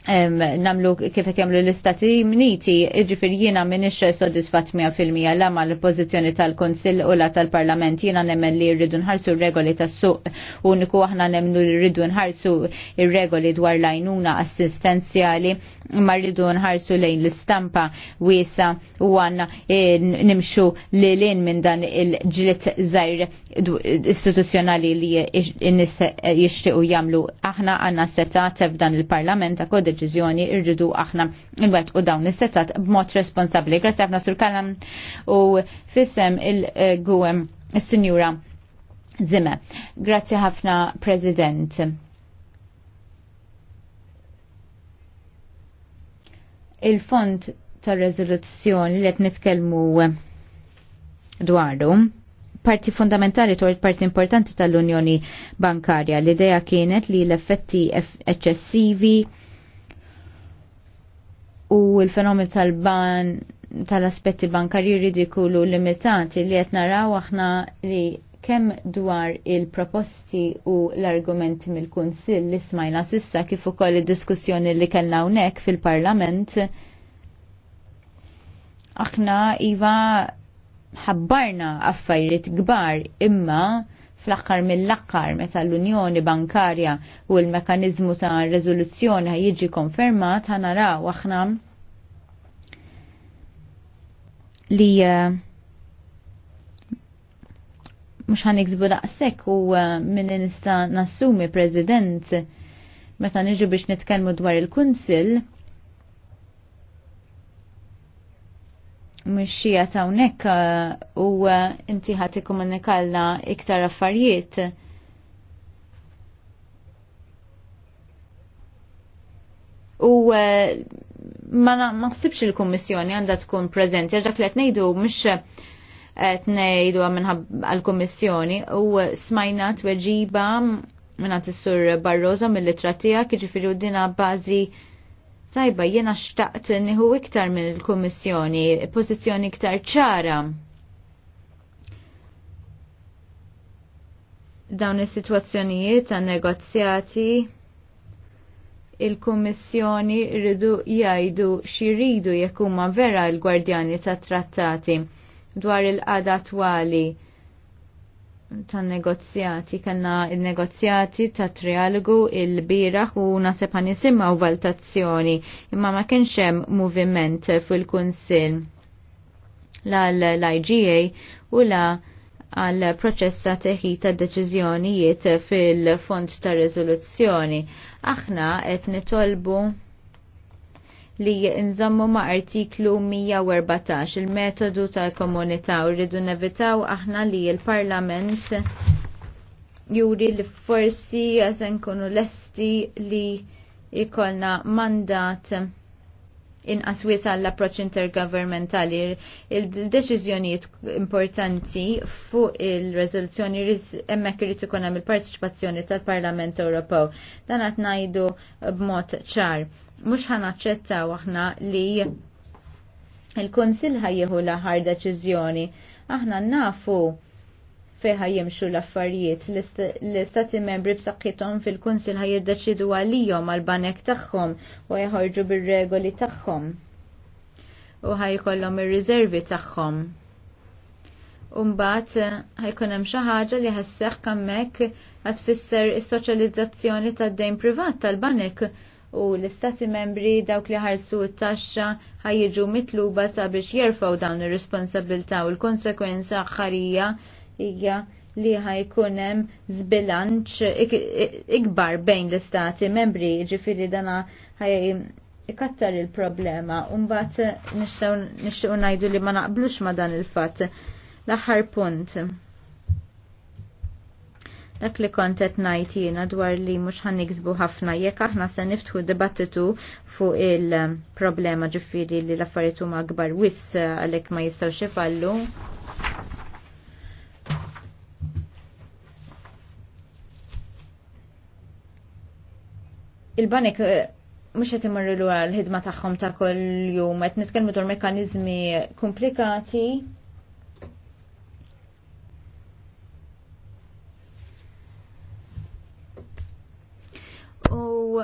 namlu kif qed jagħmlu l-Istati Uniti, jiġifieri jiena m'iniex sodisfatt fil-mija lama l pożizzjoni tal-Kunsill u la tal-Parlament jiena nemmen li rridu nħarsu r-regoli tas-suq uniku aħna nemmnu li rridu nħarsu regoli dwar lajnuna assistenzjali ma rridu nħarsu lejn l-istampa wiesa u għanna e, nimxu li lejn minn dan il-ġlit zaħir istituzjonali li jishtiqu jamlu. Aħna għanna tef dan il-parlament ta' deċiżjoni irridu aħna il-wet u dawn istessat setat b'mod responsabbli. Grazzi ħafna sur kalam u fissem il-gwem il sinjura Zime. Grazzi ħafna President. Il-fond tar-rezoluzzjoni li qed nitkellmu dwaru parti fundamentali tor parti importanti tal-Unjoni Bankarja. L-idea kienet li l-effetti eccessivi u l-fenomen tal-ban tal-aspetti bankarji jridu jkunu limitati li qed naraw aħna li kemm dwar il-proposti u l-argumenti mill-Kunsill li smajna sissa kif ukoll id-diskussjoni li kellna hawnhekk fil-Parlament aħna iva ħabbarna affarijiet kbar imma fl aħħar mill-axkar meta l-Unjoni Bankarja u l-mekanizmu ta' rezoluzzjoni ħajjiġi konfermat naraw aħna li eh, mux iksbu daqsek u eh, minn nista nassumi prezident meta niġu biex nitkellmu dwar il-Kunsil mxija ta' unek uh, u uh, inti ħati komunikalla iktar affarijiet. U uh, ma naħsibx il-Kommissjoni għandha tkun preżenti, għax li qed ngħidu għetnejdu qed ngħidu għall-Kommissjoni u smajna tweġiba minn is-Sur Barroza mill litratija tiegħek, jiġifieri dina bażi Tajba, jiena xtaqt nħu iktar minn il-Kummissjoni, pożizzjoni iktar ċara. Dawn is-sitwazzjonijiet ta' negozjati il-Kummissjoni rridu jgħidu xiridu jekk huma vera l-gwardjani tat trattati dwar il-qada twali ta' negozjati, kanna il-negozjati ta' trialogu il-biraħ u nasib għan u valtazzjoni imma ma kienx hemm moviment fil-Kunsill la l-IGA u la għal proċess ta' teħi ta' deċiżjonijiet fil-fond ta' rezoluzzjoni. Aħna qed nitolbu li nżommu ma' artiklu 114 il-metodu tal-komunità u rridu nevitaw aħna li il-Parlament juri li forsi jasen kunu lesti li ikolna mandat inqas aswisa l-approċ intergovernmentali. Il-deċiżjonijiet importanti fuq il-rezoluzzjoni hemmhekk irid ikun hemm il-parteċipazzjoni tal-Parlament Ewropew. Dan qed ngħidu b'mod ċar. Mhux ħanaċċettaw aħna li il-Kunsill ħajjeħu l-aħħar deċiżjoni. Aħna nafu feħa jimxu l-affarijiet l-istati membri b'saqqitom fil-kunsil ħaj jiddeċidu għalijom għal-banek tagħhom u jħarġu bir-regoli tagħhom u ħajkollhom ir-riservi tagħhom. Umbat eh, ħaj hemm xi ħaġa li ħasseħ kammek qed tfisser is-soċjalizzazzjoni tad-dejn privat tal-banek u l-istati membri dawk li ħarsu t-taxxa jiġu mitluba sabiex jerfgħu dawn ir responsabilta u l-konsekwenza ħarija hija li ħajkun hemm zbilanċ ikbar bejn l-istati membri, ġifiri dana ħaj ikattar il-problema. Umbat nixtiequ ngħidu li ma naqblux ma dan il-fatt. L-aħħar punt. Dak li kont qed ngħid jiena dwar li mhux ħanniksbu ħafna jekk aħna se niftħu dibattitu fuq il-problema ġifieri li l-affarijiet huma akbar wiss għalhekk ma jistgħux ifallu il-banek eh, mux għet imorru l-ħidma taħħom ta' kol jum, għet nitkelmu dwar mekanizmi komplikati. U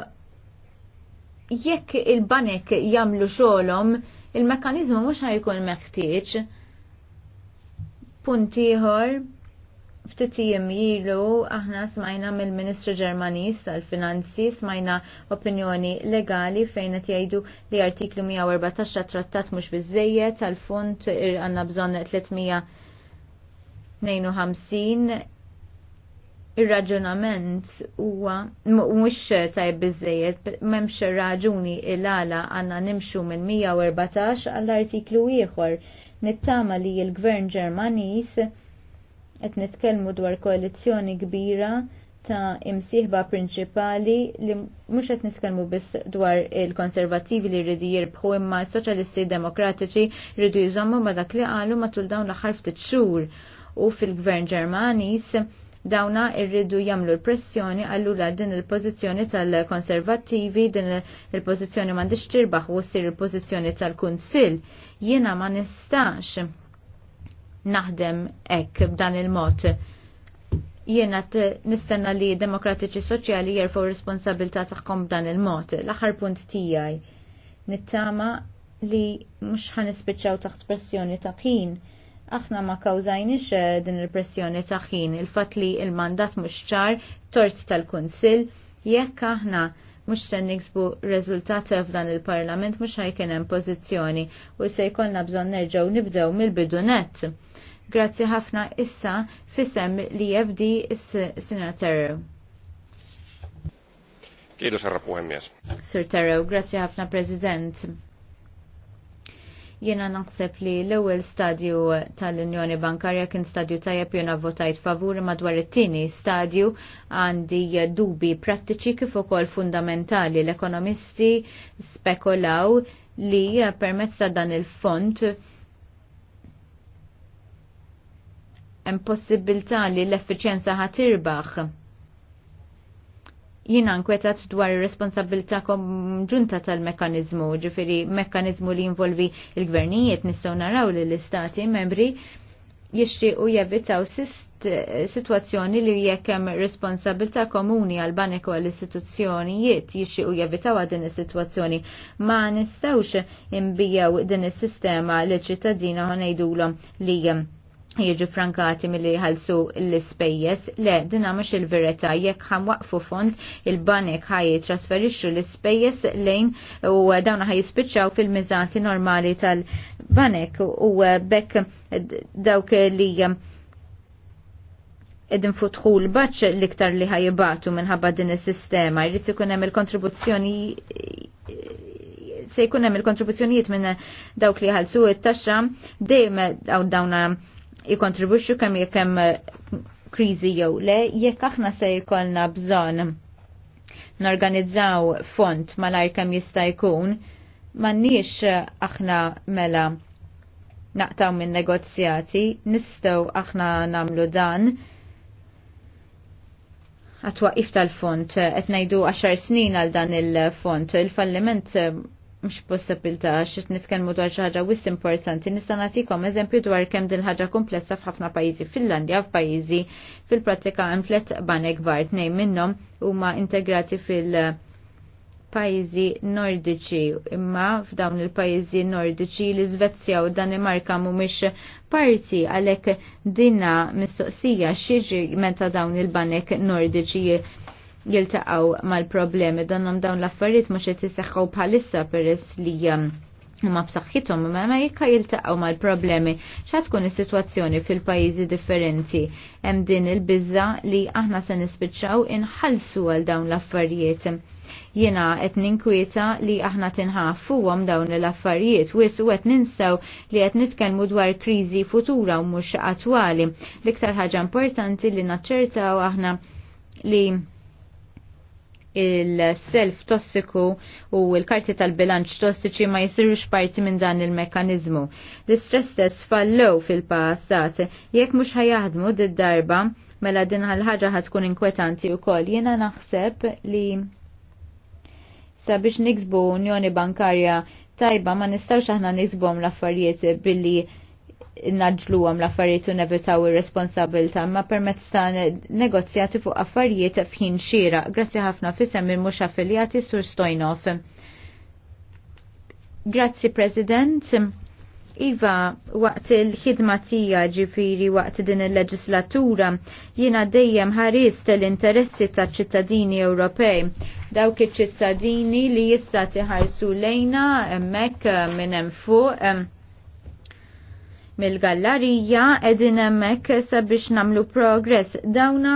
jekk il-banek jamlu xolom, il-mekanizmu mux ħajkun meħtieġ. Puntiħor ftitijiem jilu aħna smajna mill-Ministru Ġermanis tal-Finanzi smajna opinjoni legali fejn qed jgħidu li artiklu 114 ta' trattat mhux biżejjed tal-fond għandna bżonn 352 ir-raġunament huwa mhux tajb biżejjed m'hemmx raġuni il-għala għandna nimxu minn 114 għall-artiklu ieħor nittama li l-Gvern Ġermanis qed nitkellmu dwar koalizzjoni kbira ta' imsieħba prinċipali li mhux qed nitkellmu biss dwar il-konservattivi li jridu jirbħu imma s-soċjalisti demokratiċi jridu jżommu ma' dak li qalu matul dawn l-aħħar ftit xhur u fil-Gvern Ġermanis dawna irridu jamlu l-pressjoni allura din il-pozizjoni tal-konservativi, din il-pozizjoni mandiċ tirbaħ u sir il-pozizjoni tal-Kunsil. Jiena ma nistax naħdem ek b'dan il-mod. Jiena nistenna li demokratiċi soċjali jerfu responsabilità tagħhom b'dan il-mod. L-aħħar punt tiegħi nittama li mhux ħanispiċċaw taħt pressjoni ta' ħin. Aħna ma kawżajniex eh, din il-pressjoni ta' ħin, il-fatt li il-mandat mhux ċar tort tal-Kunsill jekk aħna mux se niksbu rezultat f'dan il-parlament mux ħajkien hemm pożizzjoni u se jkollna bżonn nerġgħu nibdew mill-bidu nett. Grazzi ħafna issa fissem li jefdi is-senator. Kiedu, sarra puhemies. Sir Terrew, grazzi ħafna President. Jena naħseb li l-ewwel stadju tal-Unjoni Bankarja kien stadju tajjeb jena votajt favur madwar it-tieni stadju għandi dubi prattiċi kif ukoll fundamentali l-ekonomisti spekolaw li permezz ta' dan il-font hemm possibilità li l-effiċjenza ħatirbaħ. Jina nkwetat dwar ir-responsabilità ġunta tal mekkaniżmu ġifiri mekkaniżmu li jinvolvi il-gvernijiet nistgħu naraw li l-istati membri jixtiequ jevitaw situazzjoni li jekkem responsabilità komuni għal banek u għal istituzzjonijiet jixtiequ u jevitaw din is-situazzjoni ma nistawx imbijaw din is-sistema li ċittadina ħonejdulhom li jieġu frankati mill-li ħalsu l-spejjes, le, dina mux il-verita, jekk ħan waqfu fond il-banek ħaj trasferixxu l-spejjes lejn u dawna ħaj jispiċċaw fil mizanti normali tal-banek u bekk dawk li edin futħu l-baċ liktar li ħajibatu minħabba din is-sistema, jrid ikun hemm il-kontribuzzjoni se jkun hemm il-kontribuzzjonijiet minn dawk li ħalsu it-taxxa dejjem dawn jikontribuċu kemm jekk hemm eh, kriżi jew le jekk aħna se jkollna bżon norganizzaw font malajr kemm jista' jkun m'għandniex eh, aħna mela naqtaw minn negozjati nistgħu aħna nagħmlu dan għatwaqif tal-font, etnajdu eh, għaxar snin għal dan il-font, il-falliment mhux possibilità x'qed nitkellmu dwar xi ħaġa wis importanti. Nista' nagħtikom eżempju dwar kemm din ħaġa komplessa f'ħafna pajjiżi Finlandja f'pajjiżi fil-prattika hemm tliet banek kbar tnejn minnhom huma integrati fil- pajjiżi nordiċi imma f'dawn il-pajjiżi nordiċi l iżvezzja u Danimarka mhumiex parti għalhekk dinna mistoqsija xiġi meta dawn il-banek nordiċi jiltaqgħu mal-problemi donnom dawn l-affarijiet mhux qed iseħħu bħalissa peress li um, ma b'saħħithom ma ma jekka jiltaqgħu mal-problemi xa tkun is-sitwazzjoni fil-pajjiżi differenti hemm din il-biża li aħna se nispiċċaw inħallsu għal dawn l-affarijiet. Jiena qed ninkwieta li aħna tinħaffuhom dawn l-affarijiet wis u qed ninsaw li qed nitkellmu dwar kriżi futura u mhux attwali. L-iktar ħaġa importanti li naċċertaw aħna li il-self tossiku u l-karti tal-bilanċ tossiċi ma jisirux parti minn dan il-mekanizmu. L-istress test fallow fil-passat, jekk mux ħajahdmu d-darba, mela din għal ħagġa ħatkun inkwetanti u kol. Jena naħseb li sabiex niksbu unjoni bankarja tajba ma nistawx aħna nixbu l-affarijiet billi naġlu għam l-affarijiet u nevitaw ir-responsabilta ma permezz ta' negozjati fuq affarijiet fħin xira. Grazzi ħafna fissem minn mux affiljati sur Stojnov. Grazzi President. Iva, waqt il-ħidma tija ġifiri waqt din il-leġislatura, jiena dejjem ħarist l-interessi ta' ċittadini Ewropej. Dawk iċ-ċittadini li jista tiħarsu lejna emmek minn hemm fuq mill-gallarija edin emmek sabiex namlu progress dawna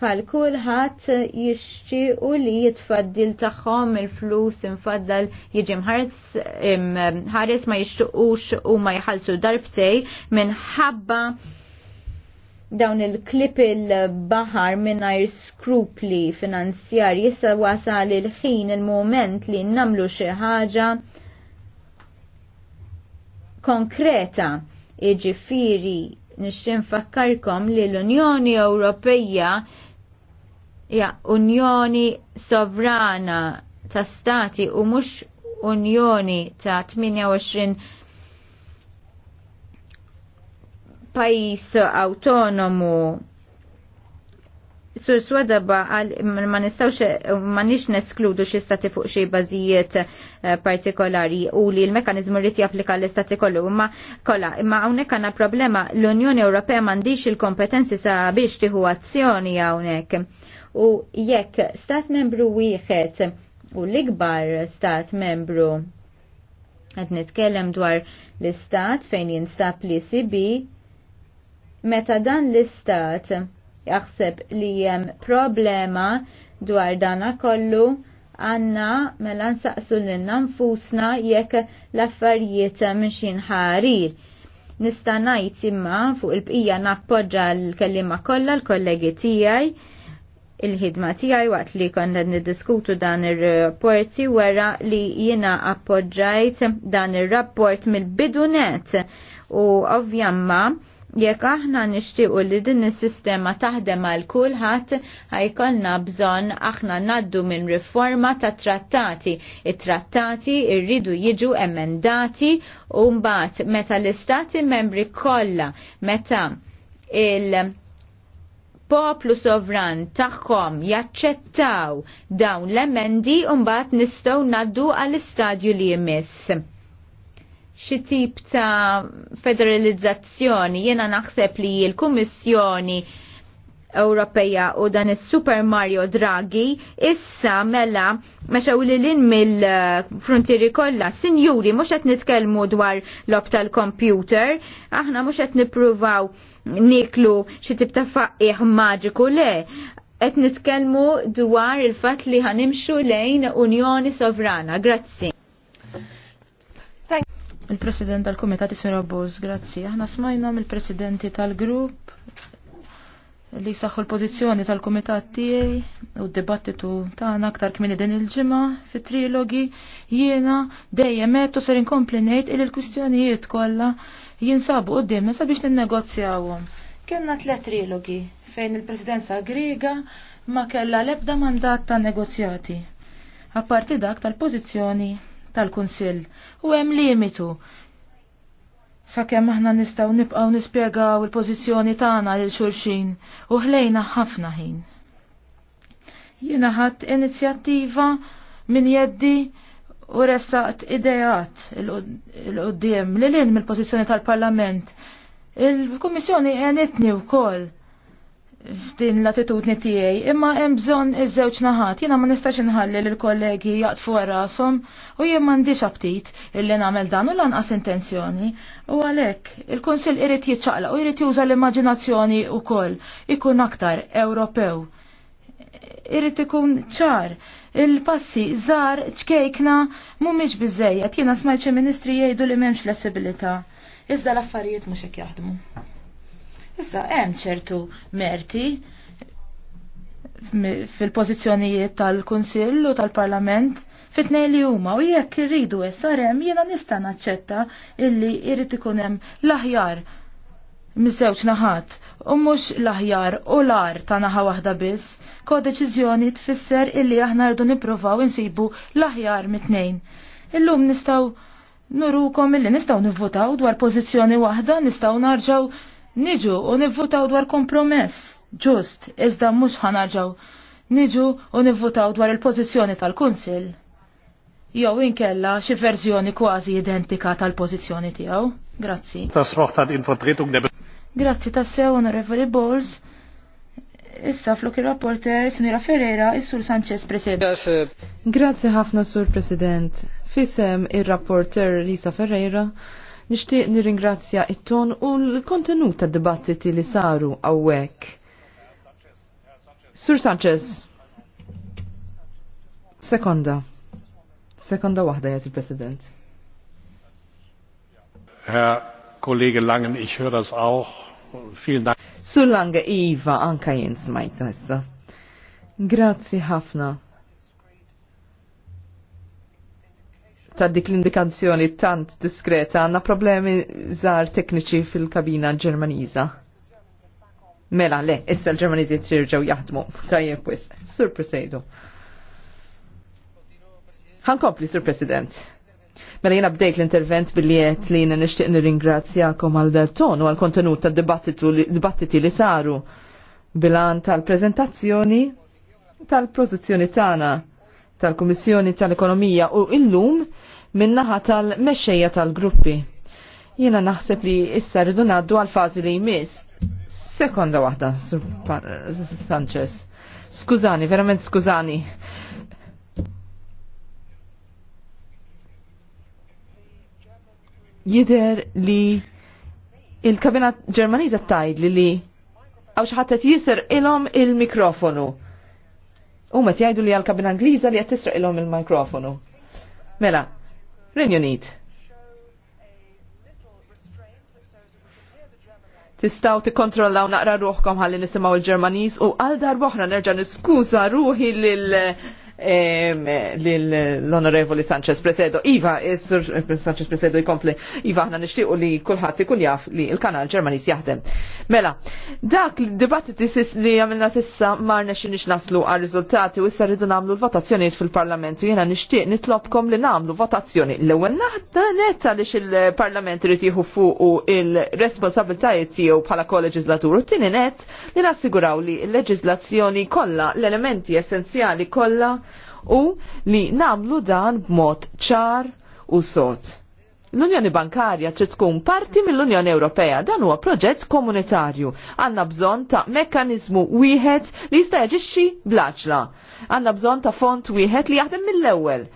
pal jixċi jixtiequ li jitfaddil tagħhom il-flus infaddal jiġi ħares ma jixċuqux u ma jħallsu darbtej minħabba dawn il-klip il-bahar minnajr skrupli finanzjar jissa wasal il-ħin il-moment li namlu xi ħaġa konkreta iġifiri nixtin fakkarkom li l-Unjoni Ewropeja ja Unjoni Sovrana ta' stati u mhux Unjoni ta' 28 pajis autonomu Sur Swadaba għal ma nistawx ma nix neskludu xi stati fuq xi bażijiet eh, partikolari u li l-mekanizmu rrid japplika l-istati kollu imma kollha imma hawnhekk għandna problema l-Unjoni Ewropea m'għandix il-kompetenzi sabiex tieħu azzjoni hawnhekk. U jekk stat membru wieħed u l-ikbar stat membru qed nitkellem dwar l-istat fejn jinstab li sibi meta dan l-istat jaħseb li jem problema dwar dana kollu għanna mela nsaqsu l-inna nfusna jekk l-affarijiet mxin ħarir. Nista' ngħid imma fuq il-bqija nappoġġa l-kellima kollha l-kollegi tiegħi il-ħidma tiegħi waqt li konna niddiskutu dan ir-rapporti wara li jiena appoġġajt dan ir-rapport mill-bidunet u ovvjamma jekk aħna nixtiequ li din is-sistema taħdem għal kulħadd ħajkollna bżonn aħna naddu minn riforma ta' trattati. It-trattati rridu jiġu emendati u mbagħad meta l-istati membri kollha meta il poplu sovran tagħhom jaċċettaw dawn l-emendi un mbagħad nistgħu naddu għall-istadju li jmiss xi tip ta' federalizzazzjoni. Jiena naħseb li l-Kummissjoni Ewropeja u dan is-Super Mario Draghi issa mela mexew lilin mill-frontieri kollha. Sinjuri, mhux qed nitkellmu dwar lob tal-computer, aħna mhux qed nippruvaw niklu xi tip ta' faqih maġiku le. Qed nitkellmu dwar il-fatt li ħanimxu lejn Unjoni Sovrana. Grazzi. Il-President tal-Kumitat Isra Buz, grazzi. Aħna smajna mill-Presidenti tal-Grupp li saħħu l-pozizjoni tal-Kumitat tiegħi u d-dibattitu tagħna aktar kmieni din il-ġimgħa fit-trilogi jiena dejjem qed ser inkompli ngħid il l-kwistjonijiet kollha jinsabu qudiemna sabiex ninnegozjawhom. Kenna tliet trilogi fejn il-Presidenza Griega ma kellha l-ebda mandat ta' negozjati. Apparti dak tal-pożizzjoni tal-Kunsill u hemm limitu sakemm aħna nistgħu nibqgħu nispjegaw il-pożizzjoni tagħna lil xulxin u ħlejna ħafna ħin. Jiena ħadd inizjattiva minn jeddi u ressaqt idejat il qudiem li lin mill-pożizzjoni tal-Parlament. Il-Kummissjoni għenitni wkoll f'din l-attitudni tiegħi, imma hemm bżonn iż-żewġ naħat. Jiena ma nistax inħalli lill kollegi jaqtfu rashom u jien m'għandix aptit illi nagħmel dan u lanqas intenzjoni. U għalhekk il-Kunsill irid jiċċaqlaq u jrid juża l-immaġinazzjoni wkoll ikun aktar Ewropew Irid ikun ċar. Il-passi zar ċkejkna biżejjed Jiena smajt xi ministri jgħidu li m'hemmx flessibilità Iżda l-affarijiet mhux jaħdmu. Issa hemm ċertu merti fil-pożizzjonijiet tal-Kunsill u tal-Parlament fitnej li huma u jekk irridu issa hemm jiena nista' naċċetta illi jrid ikun hemm l-aħjar miż-żewġ naħat u mhux l-aħjar u l-ar ta' naħa waħda biss, kodeċiżjoni tfisser illi aħna rdu nippruvaw insibu l-aħjar mit-tnejn. Illum nistgħu nurukom illi nistgħu nivvotaw dwar pożizzjoni waħda, nistgħu narġaw niġu u nivvutaw dwar kompromess ġust, iżda mhux ħanarġaw. niġu u nivvutaw dwar il-pożizzjoni tal-Kunsill. Jew inkella xi verżjoni kważi identika tal-pożizzjoni tiegħu. Grazzi. Grazzi tassew, Onorevoli Bowles. Issa flok il-rapporter Sinira Ferreira is-Sur Sanchez President. Grazzi ħafna Sur President. Fisem ir rapporter Lisa Ferreira Nixtieq nirringrazzja it-ton u l-kontenut tad dibattiti li saru hawnhekk. Sur Sanchez. Sekonda. Sekonda waħda jgħid president Herr Kollege Langen, ich höre das auch. Vielen Dank. Sur Lange, Iva, anka jien smajta issa. Grazzi ħafna. ta' dik l-indikazzjoni tant diskreta għandna problemi zar tekniċi fil-kabina Ġermaniża. Mela, le, issa l-Ġermaniżi jirġgħu jaħdmu. Tajjeb wis, Sur Għan kompli, Sur President. Mela jena bdejt l-intervent billi qed li jena nixtieq nirringrazzjakom għal ton u għal kontenut tad dibattiti li saru bilan tal-prezentazzjoni tal-pożizzjoni tagħna tal-Kummissjoni tal-Ekonomija u illum minnaħa tal-mexxejja tal-gruppi. Jiena naħseb li issa rridu ngħaddu għal fażi li jmiss. Sekonda waħda, Sanchez. Skużani, verament skużani. Jider li il-kabinat ġermaniza tajd li li għaw xaħat jisir ilom il-mikrofonu. U ma jgħidu li għal-kabina Angliża li qed tisraq ilhom il-mikrofonu. Mela, Renjonit. tistaw kontrollaw naqra ruħkom ħalli nisimaw il-Ġermaniż u għal darba nerġa' niskuża ruħi lil l-Onorevoli Sanchez Presedo. Iva, eh, Sanchez Presedo jkompli, Iva, ħna nishtiqu li kullħat ikun jaf li il-kanal Ġermanis jaħdem. Mela, dak l dibattiti li għamilna sissa marna xinix naslu għal riżultati u issa rridu namlu l-votazzjoniet fil-parlament u jena nishtiq nitlobkom li namlu votazzjoni. L-ewel naħda netta li il-parlament rrit jieħu u il-responsabiltajiet tiegħu bħala koleġislatur u tini net li nassiguraw li l-leġislazzjoni kollha l-elementi essenzjali kollha u li namlu dan b'mod ċar u sot. L-Unjoni Bankarja trid tkun parti mill-Unjoni Ewropea dan huwa proġett komunitarju. Għandna bżonn ta' mekkaniżmu wieħed li jista' jaġixxi blaċla. Għandna bżonn ta' font wieħed li jaħdem mill-ewwel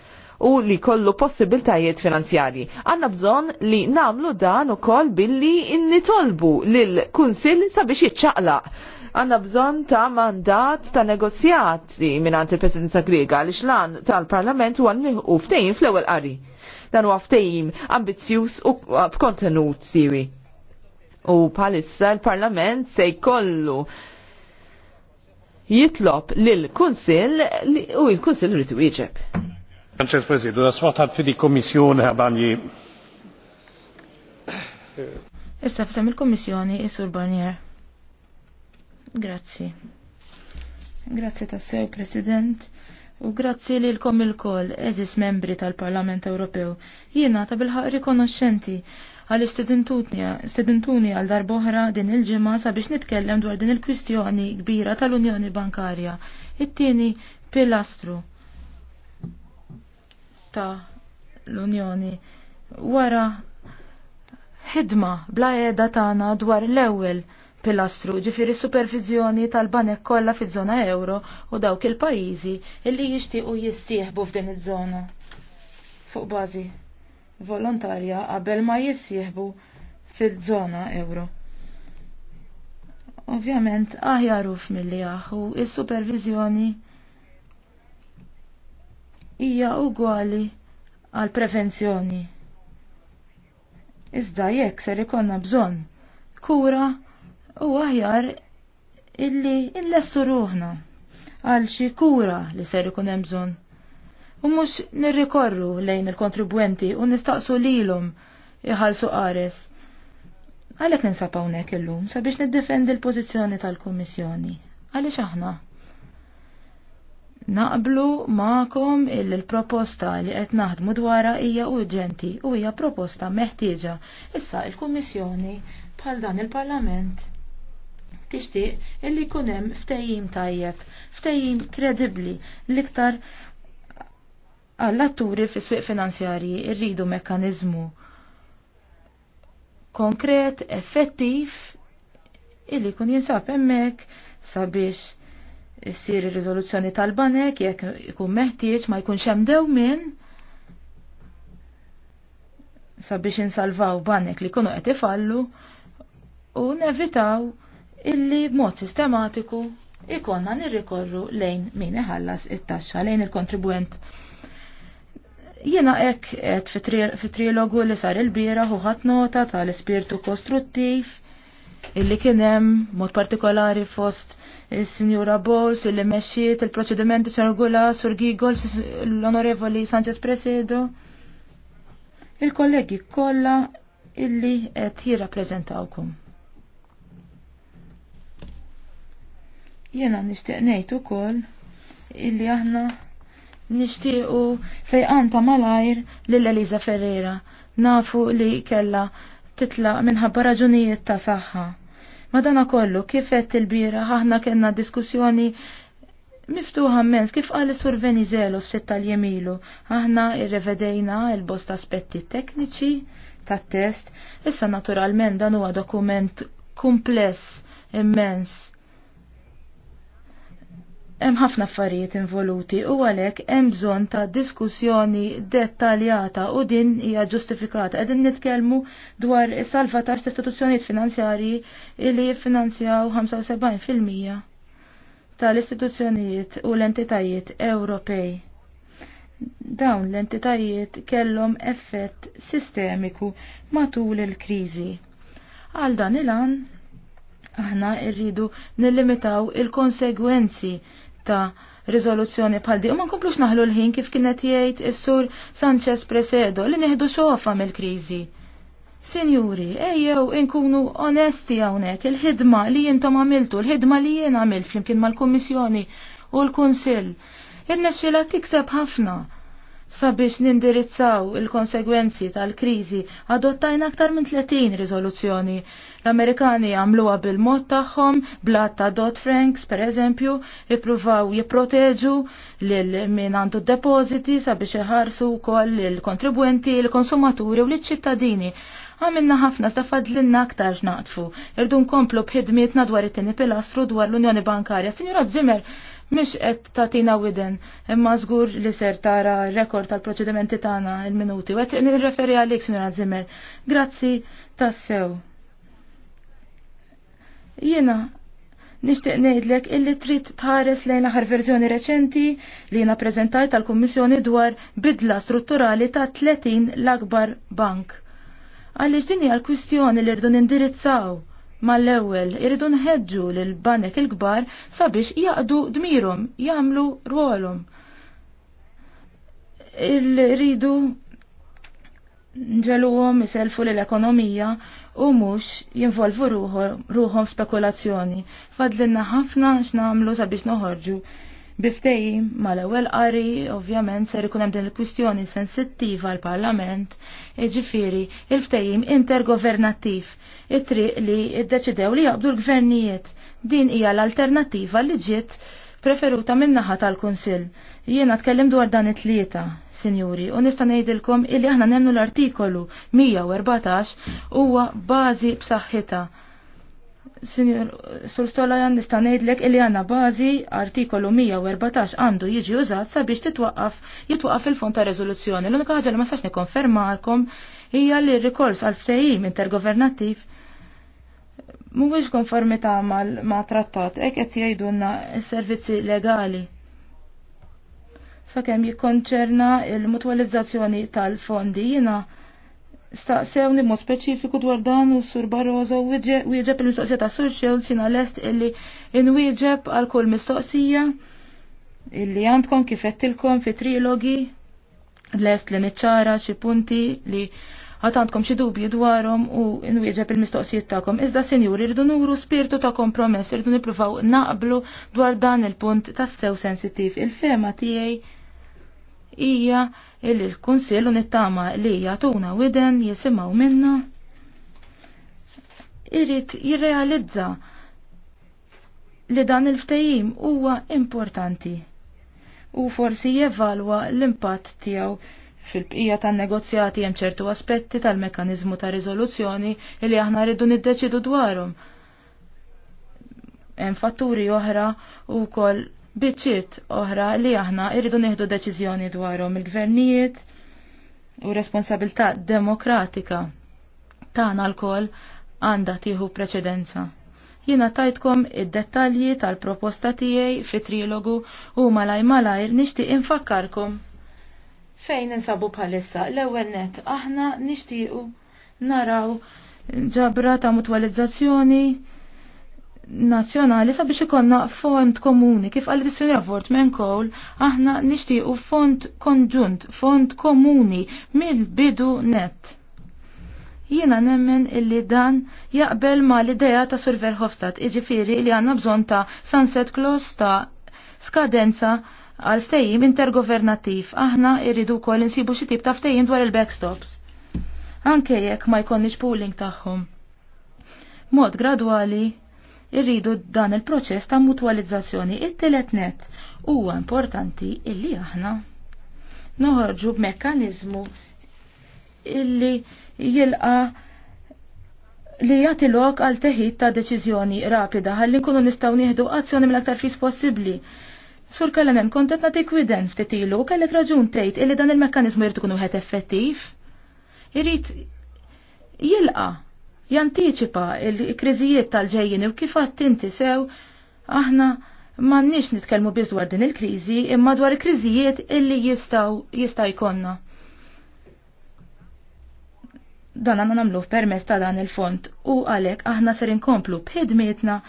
u li kollu possibiltajiet finanzjarji. Għandna bżonn li namlu dan ukoll billi nitolbu lil kunsill sabiex jiċċaqlaq għanna bżon ta' mandat ta' negozjati minnant il-Presidenza Griega li xlan tal-Parlament u għanni u ftejn fl-ewel qari. Dan u ftejn ambizjus u b'kontenut siwi. U palissa l-Parlament se jkollu jitlob lil-Kunsil u il-Kunsil rritu jieġeb. Sanchez Presidu, la sfat fidi kommissjoni għabani. Issa f'sem il komissjoni Isur Barnier. Grazzi. Grazzi tassew, President. U grazzi li l-kom il koll eżis membri tal-Parlament Ewropew. Jiena ta' bilħaq rikonoxxenti għal istudentuni għal darboħra din il-ġimgħa sabiex nitkellem dwar din il-kwistjoni kbira tal-Unjoni Bankarja. It-tieni pilastru ta' l-Unjoni wara ħidma bla edha tagħna dwar l-ewwel pilastru ġifiri supervizjoni tal-banek kollha fi zona euro u dawk il-pajjiżi illi jixtiequ jissieħbu f'din iż-żona fuq bażi volontarja qabel ma jissieħbu fil-żona euro. Ovvjament aħjaruf mill-li aħu il supervizjoni hija ugwali għal prevenzjoni. Iżda jekk ser ikonna bżonn kura u aħjar illi illessu ruħna għal xi kura li ser ikun hemm bżonn. U mhux nirrikorru lejn il-kontribwenti u nistaqsu lilhom iħallsu qares. Għalhekk ninsab hawnhekk illum sabiex niddefendi l-pożizzjoni tal-Kummissjoni. Għaliex aħna? Naqblu ma'kom il-proposta li qed naħdmu dwarha hija urġenti u hija proposta meħtieġa. Issa il-Kummissjoni bħal dan il-Parlament tixtieq illi jkun hemm ftehim tajjeb, ftehim kredibbli l-iktar għall-atturi fis swieq finanzjarji irridu mekkaniżmu konkret, effettiv illi kun jinsab hemmhekk sabiex issir ir-riżoluzzjoni tal-banek jekk ikun meħtieġ ma jkunx hemm minn sabiex insalvaw banek li kunu qed ifallu u nevitaw illi b'mod sistematiku ikonna nirrikorru lejn min iħallas it-taxxa lejn il-kontribwent. Jiena hekk qed fit-trilogu li sar il-bira u ħadd nota tal-ispirtu kostruttiv illi kien hemm mod partikolari fost is-Sinjura Bowles illi mexxiet il-proċedimenti Sur Sur Gigol, l-Onorevoli Sanchez Presedo. Il-kollegi kollha illi qed jirrappreżentawkom. Jena nishtiq ngħid ukoll illi aħna nixtiequ fejqan ta' malajr lil Eliza Ferreira. Nafu li kella titla' minħabba raġunijiet ta' saħħa. Madana kollu, kifet il-bira ħahna kena diskussjoni miftuħa mens kif għal sur Venizelos s tal-jemilu. Aħna irrevedejna il-bost aspetti tekniċi tat test, issa naturalment dan huwa dokument kumpless immens. Hemm ħafna affarijiet involuti u għalhekk hemm bżonn ta' diskussjoni dettaljata u din hija ġustifikata. Qegħdin nitkellmu dwar salvataġġ ta' istituzzjonijiet finanzjarji li jiffinanzjaw 75% tal-istituzzjonijiet u l-entitajiet Ewropej. Dawn l-entitajiet kellhom effett sistemiku matul il-kriżi. Għal dan il-għan aħna irridu nillimitaw il-konsegwenzi ta' riżoluzzjoni bħal di u ma nkomplux naħlu l-ħin kif kienet jgħid is-sur Sanchez Presedo li neħdu xofa mill-kriżi. Sinjuri, ejjew inkunu onesti hawnhekk il-ħidma li jintom għamiltu, il-ħidma li jien għamilt flimkien mal-Kummissjoni u l-Kunsill. Irnexxilha tikseb ħafna Sabiex nindirizzaw il-konsegwenzi tal-krizi, adottajna aktar minn 30 riżoluzzjoni. L-Amerikani għamluha bil-mod tagħhom, blat ta' Dot Franks per eżempju, ippruvaw jipproteġu lil min għandu depositi sabiex iħarsu wkoll il-kontribwenti, il-konsumaturi u l-ċittadini. Għamilna ħafna l-inna aktar ġnaqtfu. Irdu nkomplu b'ħidmietna dwar it-tieni pilastru dwar l-Unjoni Bankarja. Signora Zimmer, mhix qed tagħtina widen imma żgur li ser tara r-rekord tal-proċedimenti tagħna il-minuti. Wet nirreferi għalik, Sinura Zimmer. Grazzi tassew. Jiena nixtieq ngħidlek illi trid tħares lejn aħħar verżjoni reċenti li jiena preżentaj tal-Kummissjoni dwar bidla strutturali ta' 30 l-akbar bank. Għaliex din hija l-kwistjoni li rdu nindirizzaw mal-ewwel irridu nħeġġu lil banek il-kbar sabiex jaqdu dmirhom, jagħmlu rwolhom. Irridu nġeluhom iselfu lill ekonomija u mhux jinvolvu ruhom spekulazzjoni. Fadlinna ħafna x'namlu sabiex noħorġu Biftejim mal-ewwel qari ovvjament ser ikun hemm din il-kwistjoni sensittiva għal parlament jiġifieri il-ftejim intergovernattiv it-triq li ddeċidew li jaqbdu l-gvernijiet. Din hija l-alternattiva li ġiet preferuta min-naħa tal-Kunsill. Jiena tkellim dwar dan it-tlieta, sinjuri, u nista' ngħidilkom illi aħna nemmnu l-artikolu 114 huwa bażi b'saħħitha Sinjor, sur jan nista' ngħidlek illi għandna bażi artikolu 114 għandu jiġi użat sabiex titwaqqaf jitwaqqaf il-fond ta' riżoluzzjoni. L-unika ħaġa li ma sax nikkonfermalkom hija li r-rikors għal ftehim intergovernattiv mhuwiex konformità ma' trattat hekk qed jgħidulna s-servizzi legali sakemm jikkonċerna il-mutwalizzazzjoni tal-fondi jiena staqsewni mod speċifiku dwar dan u sur Barroso wieġeb il-mistoqsija ta' sur Xewl sina lest illi inwieġeb għal kull mistoqsija illi għandkom kifettilkom fi trilogi lest li niċċara xi punti li għatantkom xi dubju dwarhom u nwieġeb il-mistoqsijiet tagħkom. Iżda sinjur irridu nuru spirtu ta' kompromess, irridu nippruvaw naqblu dwar dan il-punt tas-sew sensittiv. Il-fema tiegħi hija illi l-Kunsill u nittama li jagħtuna widen jisimgħu minna irrit jirrealizza li dan il-ftehim huwa importanti u forsi jevalwa l-impatt tiegħu fil-bqija tan negozjati hemm ċertu aspetti tal-mekkaniżmu ta' riżoluzzjoni li aħna rridu niddeċidu dwarhom. Hemm fatturi oħra wkoll Biċċiet oħra li aħna irridu nieħdu deċiżjoni dwarhom il-gvernijiet u responsabilità demokratika tagħna l-kol għandha tieħu preċedenza. Jiena tajtkom id-dettalji tal-proposta tiegħi fi trilogu u malaj malajr nixtieq infakkarkom fejn insabu bħalissa l-ewwel net aħna nixtiequ naraw ġabra ta' mutwalizzazzjoni nazzjonali sabiex ikonna fond komuni. Kif għal disjoni rapport minn kowl, aħna nishtiqu fond konġunt, fond komuni mill-bidu net. Jiena nemmen illi dan jaqbel ma l idea ta' Surver Hofstad, iġifiri li għanna bżon ta' Sunset Clause ta' skadenza għal ftejim intergovernativ. Aħna irridu kol insibu xi tip ta' ftejim dwar il-backstops. Anke jekk ma jkonniġ pooling tagħhom. Mod gradwali irridu dan il-proċess ta' mutualizzazzjoni il telet net huwa importanti illi aħna noħorġu b'mekkaniżmu illi jilqa li jagħti lok għal teħid ta' deċiżjoni rapida ħalli nkunu nistgħu nieħdu azzjoni mill-aktar fis possibbli. Sur Kalanen, kont qed nagħtik widen ftit ilu u kellek raġun tgħid illi dan il-mekkaniżmu jrid ikun wieħed effettiv. Irid jilqa' jantiċipa il-kriżijiet tal-ġejjin u kif għattinti sew aħna m'għandniex nitkellmu biss dwar din il-kriżi imma dwar il-kriżijiet illi jistgħu jista' jkollna. Dan għanna namlu permess ta' dan il-fond u għalhekk aħna ser inkomplu b'ħidmietna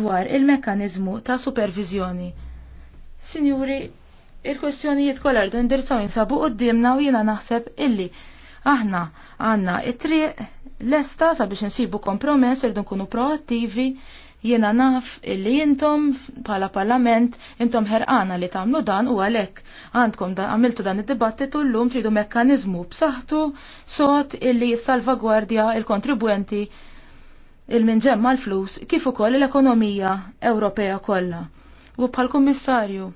dwar il-mekkaniżmu ta' supervizjoni. Sinjuri, il-kwestjonijiet kollha rdu indirizzaw jinsabu d-dimna u jiena naħseb illi aħna għandna it-triq lesta sabiex insibu kompromess irdu nkunu proattivi jiena naf illi jintom bħala parlament jintom ħerqana li tagħmlu dan u għalhekk għandkom da, għamiltu dan id-dibattitu llum tridu mekkaniżmu b'saħħtu sot illi jissalvagwardja il-kontribwenti il minġemma l-flus kif ukoll l-ekonomija Ewropea kollha. U bħal kummissarju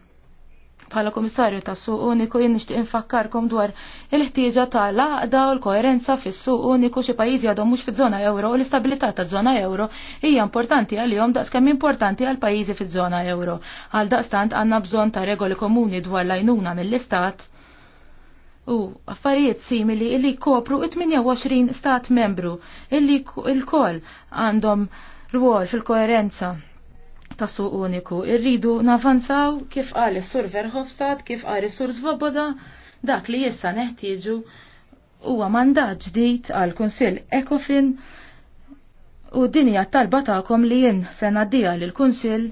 Bħala komissarju ta' suq uniku jien nixtieq infakkarkom dwar il-ħtieġa ta' laqda u l-koerenza fis-suq uniku xi pajjiżi għadhom mhux fiż-żona euro u l-istabilità taż-żona euro hija importanti għalihom daqskemm importanti għal pajjiżi fiż-żona euro. Għal daqstant għandna bżonn ta' regoli komuni dwar l-għajnuna mill-istat u affarijiet simili illi kopru 28 stat membru illi il-kol għandhom rwol fil-koerenza ta' uniku. Irridu navanzaw kif qal sur Verhofstadt, kif għal sur Svoboda, dak li issa neħtieġu huwa mandat ġdid għal Kunsill Ecofin u din hija talba tagħkom li jien se ngħaddija l kunsill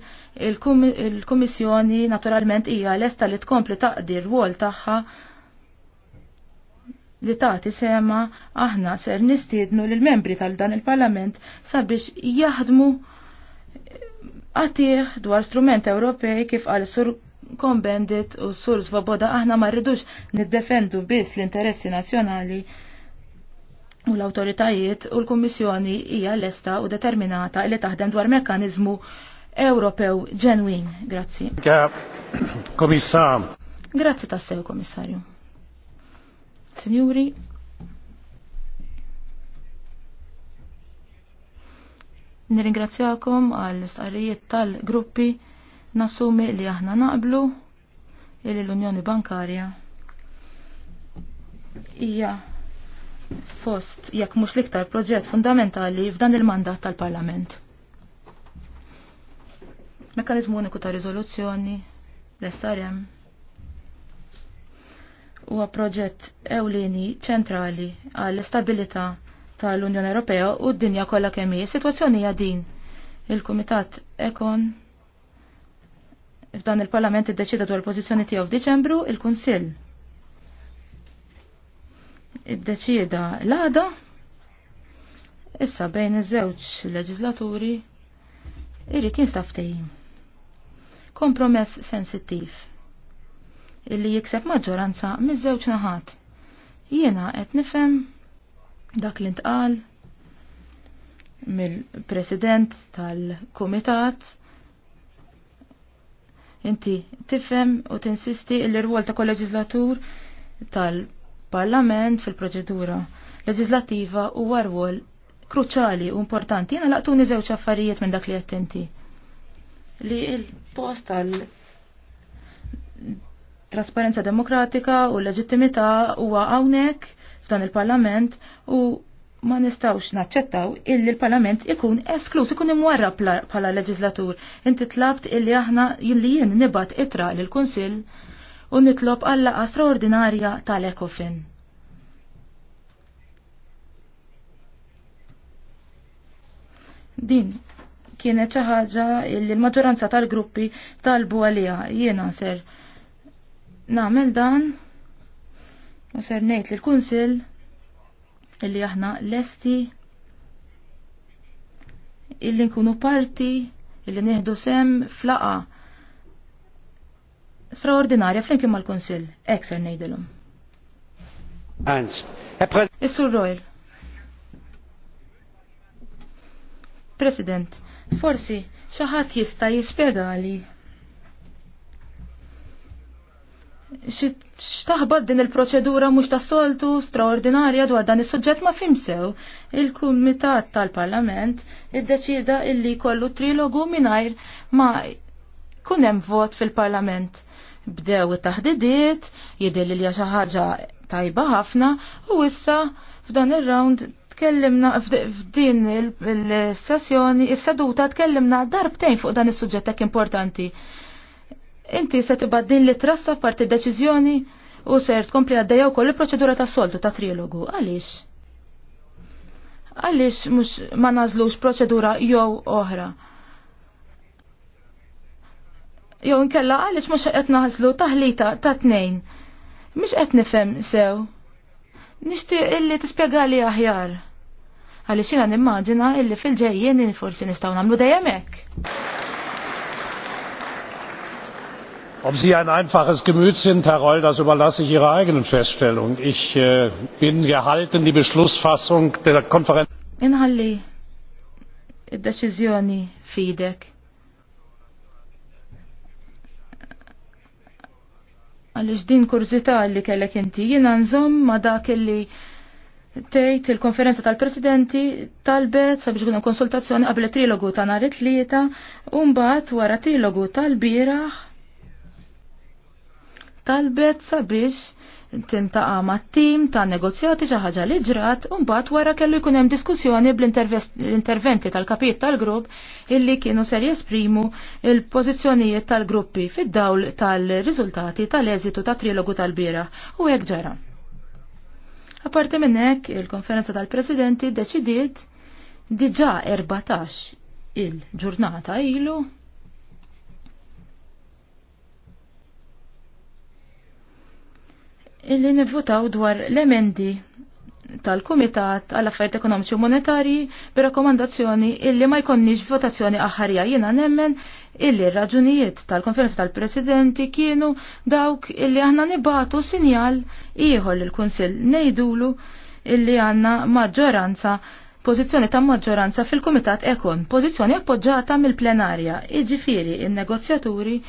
il-Kummissjoni il naturalment hija lesta li tkompli taqdir r-wol tagħha li tagħti sema aħna ser nistiednu l membri tal dan il-Parlament sabiex jaħdmu għatiħ dwar strument Ewropej kif għal sur kombendit u sur svoboda aħna ma rridux niddefendu biss l-interessi nazzjonali u l-autoritajiet u l-Kummissjoni hija lesta u determinata li taħdem dwar mekkanizmu Ewropew ġenwin. Grazzi. Komissar. Grazzi tassew, komissarju. Signori, Nirringrazzjakom għal sarijiet tal-gruppi nassumi li aħna naqblu illi l-Unjoni Bankarja hija fost jekk mhux l-iktar proġett fundamentali f'dan il-mandat tal-Parlament. Mekkanizmu uniku ta' riżoluzzjoni, l-SRM, huwa proġett ewlieni ċentrali għall-istabilità tal-Unjoni Ewropea u d-dinja kollha kemm hija. Sitwazzjoni hija din. Il-Kumitat Ekon f'dan il-Parlament iddeċida dwar il-pożizzjoni tiegħu f'Diċembru il-Kunsill iddeċida l-għada issa bejn iż-żewġ leġislaturi irid jinstaf Kompromess sensittiv illi jikseb maġġoranza miż-żewġ naħat. Jiena qed nifhem dak li ntqal mill-president tal-komitat inti tifhem u tinsisti l rwol ta' kol-leġislatur tal-parlament fil-proċedura leġislativa huwa rwol kruċali u importanti. Jena laqtuni żewġ affarijiet minn dak li qed inti. Li il-post tal trasparenza demokratika u l-leġittimità huwa hawnhekk f'dan il-Parlament u ma nistawx naċċettaw illi l-Parlament ikun esklus, ikun imwarra bħala leġislatur. Inti tlabt illi aħna illi jien nibat itra l kunsill u nitlob għalla straordinarja tal-Ekofin. Din kienet xi ħaġa illi l-maġġoranza tal-gruppi talbu għaliha jiena ser nagħmel dan U ser ngħid li l-Kunsill illi aħna lesti illi nkunu parti illi nieħdu sem flaqa straordinarja flimkien mal-Kunsill. Ek ser ngħidilhom. E Is-Sur Royal. President, forsi xi ħadd jista' jispjegali xtaħbad din il-proċedura mhux ta' soltu straordinarja dwar dan is-suġġett ma fimsew. Il-Kumitat tal-Parlament iddeċida illi kollu trilogu mingħajr ma kun hemm vot fil-Parlament. Bdew it-taħdidiet, jidil li xi ħaġa tajba ħafna u issa f'dan ir-round tkellimna f'din il-sessjoni, il seduta tkellimna darbtejn fuq dan is-suġġett hekk importanti inti se tibaddin li trassa parti deċiżjoni u ser tkompli għaddejaw koll il-proċedura ta' soltu ta' trilogu. Għaliex? Għaliex mhux ma nażlux proċedura jew oħra. Jew nkella għaliex mhux qed naħslu taħlita ta' tnejn. Mux qed nifhem sew. Nixtieq illi li aħjar. Għaliex jiena nimmaġina illi fil-ġejjien forsi nistgħu nagħmlu dejjem hekk. Ob Sie ein einfaches Gemüt sind, Herr Reul, das überlasse ich Ihrer eigenen Feststellung. Ich äh, bin gehalten, die Beschlussfassung der Konferenz. Inħalli id-deċiżjoni fidek. Għaliex din kurzita li kellek inti jiena nżomm ma dak li tgħid il-konferenza tal-presidenti talbet sabiex kuna konsultazzjoni qabel trilogu ta' nhar it-tlieta u mbagħad wara trilogu tal-bieraħ talbet sabiex tintaqa mat-tim ta' negozjati xi ħaġa li ġrat u mbagħad wara kellu jkun hemm diskussjoni bl-interventi tal-kapijiet tal-grupp illi kienu ser jesprimu il-pożizzjonijiet tal-gruppi fid-dawl tal-riżultati tal-eżitu ta' trilogu tal-bira u hekk ġara. Apparti minn hekk, il-konferenza tal-presidenti deċidiet diġà 14 il-ġurnata ilu illi nivvutaw dwar l-emendi tal-Kumitat għall affarijiet Ekonomiċi u Monetari bi rakkomandazzjoni illi ma jkonniex votazzjoni aħħarja jiena nemmen illi r-raġunijiet tal-Konferenza tal-Presidenti kienu dawk illi aħna nibatu sinjal ieħor il kunsill ngħidulu illi għandna maġġoranza pożizzjoni ta' maġġoranza fil-Kumitat Ekon, pożizzjoni appoġġata mill-plenarja, iġifieri in-negozjaturi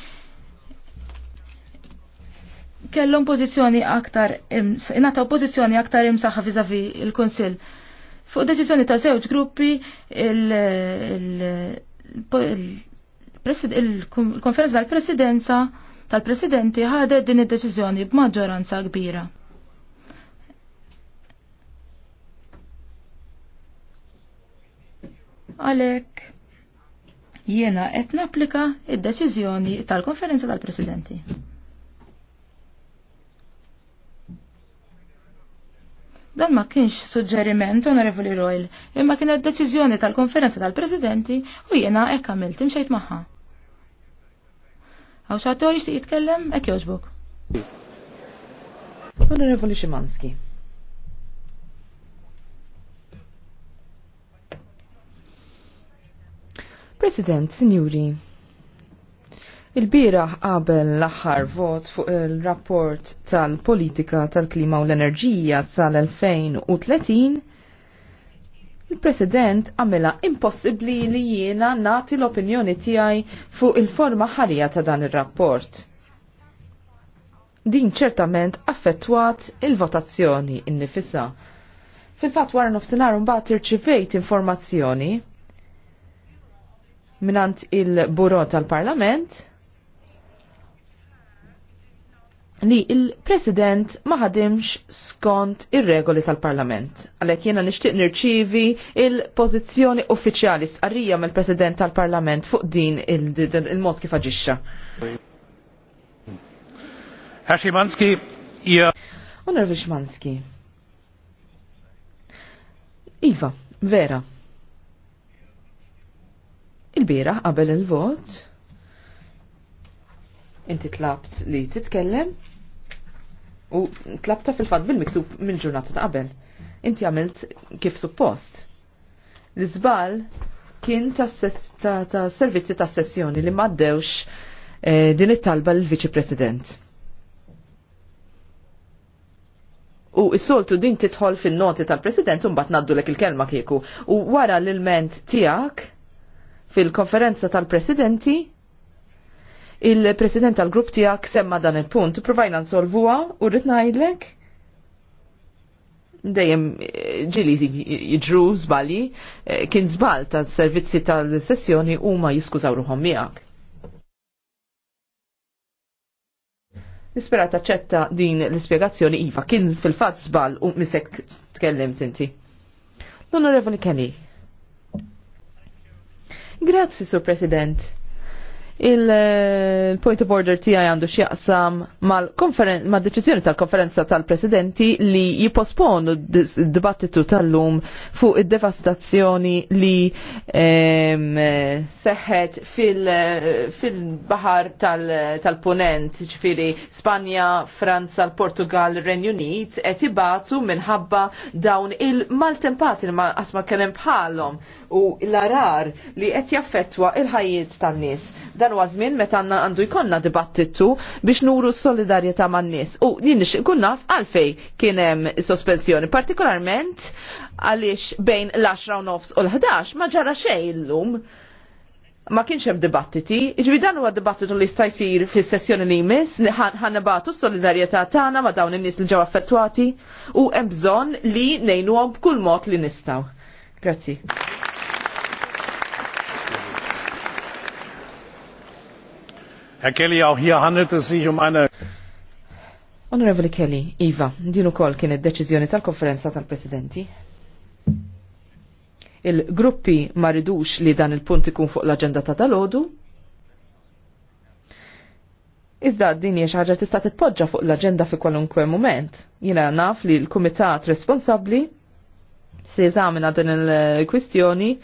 kellhom pożizzjoni aktar ingħataw pożizzjoni aktar imsaħħa viżavi il-Kunsill. Fuq deċiżjoni ta' żewġ gruppi il-konferenza tal-presidenza tal-presidenti ħadet din id-deċiżjoni b'maġġoranza kbira. Għalhekk jiena qed napplika id-deċiżjoni tal-konferenza tal-presidenti. Dan ma kienx suġġeriment, Onorevoli Royal, imma kienet deċiżjoni tal-konferenza tal-presidenti u jiena hekk għamilt imxejt magħha. Għaw xator jixtieq jitkellem hekk jogħġbok. Onorevoli Szymanski. President, Signori, Il-biraħ qabel l-aħħar vot fuq il-rapport tal-politika tal-klima u l-enerġija sal-2030, il-President għamela impossibli li jiena nati l-opinjoni tiegħi fuq il-forma ħarija ta' dan ir-rapport. Din ċertament affettwat il-votazzjoni innifisa. Fil-fatt wara nofsinhar mbagħad irċivejt informazzjoni minant il-Buro tal-Parlament li il-President ma ħadimx skont ir-regoli tal-Parlament. Għalhekk jiena nixtieq nirċivi il-pożizzjoni uffiċjali stqarrija mill-President tal-Parlament fuq din il-mod kif aġixxa. Herr Szymanski, ja. Onorevoli Manski. Iva, vera. Il-bira qabel il-vot inti tlabt li titkellem U tlabta fil-fat bil-miktub minn ġurnata ta' qabel. Inti għamilt kif suppost. L-izbal kien ta', ta servizzi ta' sessjoni li maddewx eh, din it-talba l-Viċi President. U s-soltu din titħol fil-noti tal-President un bat naddu lek il-kelma kieku. U wara l-ilment tijak fil-konferenza tal-Presidenti il-president tal-grupp tijak semma dan il-punt, provajna nsolvuwa u rritnajdlek dejjem eh, ġili jġru zbali, eh, kien zbal ta' servizzi tal-sessjoni u ma jiskużaw ruħom miegħek. Nispera taċċetta din l-ispjegazzjoni Iva, kien fil-fatt zbal u misek tkellem inti. L-Onorevoli Kenny. Grazzi, Sur President il-point of order tiegħi għandu x'jaqsam ma deċiżjoni tal-konferenza tal-presidenti li jiposponu d-dibattitu tal-lum fuq id-devastazzjoni li ehm, seħħet fil-bahar tal-punent, ġifiri Spanja, Franza, portugal Renju Unit, qed ibatu minħabba dawn il-maltempati li ma qasma kien bħalhom u l-arar li qed jaffettwa il-ħajjiet tan-nies dan huwa żmien meta għandu jkollna dibattitu biex nuru solidarjetà man-nies. U jien kun naf għalfej kien hemm sospensjoni, partikolarment għaliex bejn l-10 u nofs u l-11 ma ġara xejn illum ma kienx hemm dibattiti, ġbi dan huwa dibattitu li jista' jsir fis-sessjoni li jmiss, ħannibatu s-solidarjetà tagħna ma' dawn in-nies li ġew affettwati u hemm bżonn li ngħinuhom b'kull mod li nistgħu. Grazzi. Herr Kelly, auch hier handelt es sich um eine Onorevoli Kelly, Iva, din ukoll kienet deċiżjoni tal-konferenza tal-presidenti. Il-gruppi ma ridux li dan il-punt ikun fuq l-aġenda ta' dalodu. Iżda din hija xi ħaġa tista' titpoġġa fuq l-aġenda fi kwalunkwe mument. Jiena naf li l-kumitat responsabbli se jeżamina din il-kwistjoni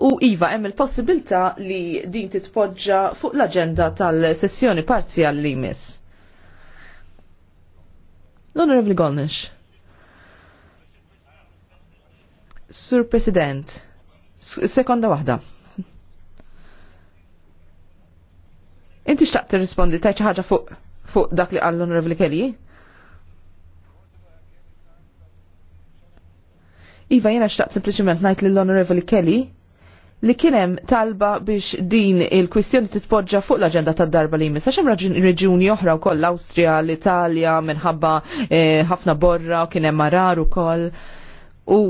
u iva hemm il-possibilità li din titpoġġa fuq l agenda tal-sessjoni parzjal li jmiss. L-Onorevli Golnish. Sur President, sekonda wahda. Inti xtaqt rispondi tajċa ħaġa fuq fu dak li għall onorevli Kelly? Iva jena xtaqt sempliciment najt li l onorevli Kelly li kienem talba biex din il-kwistjoni titpoġġa fuq l-agenda tad darba li jmiss. Għaxem reġuni oħra u koll l-Austria, l-Italja, minħabba eh, ħafna borra, kienem marar u koll. U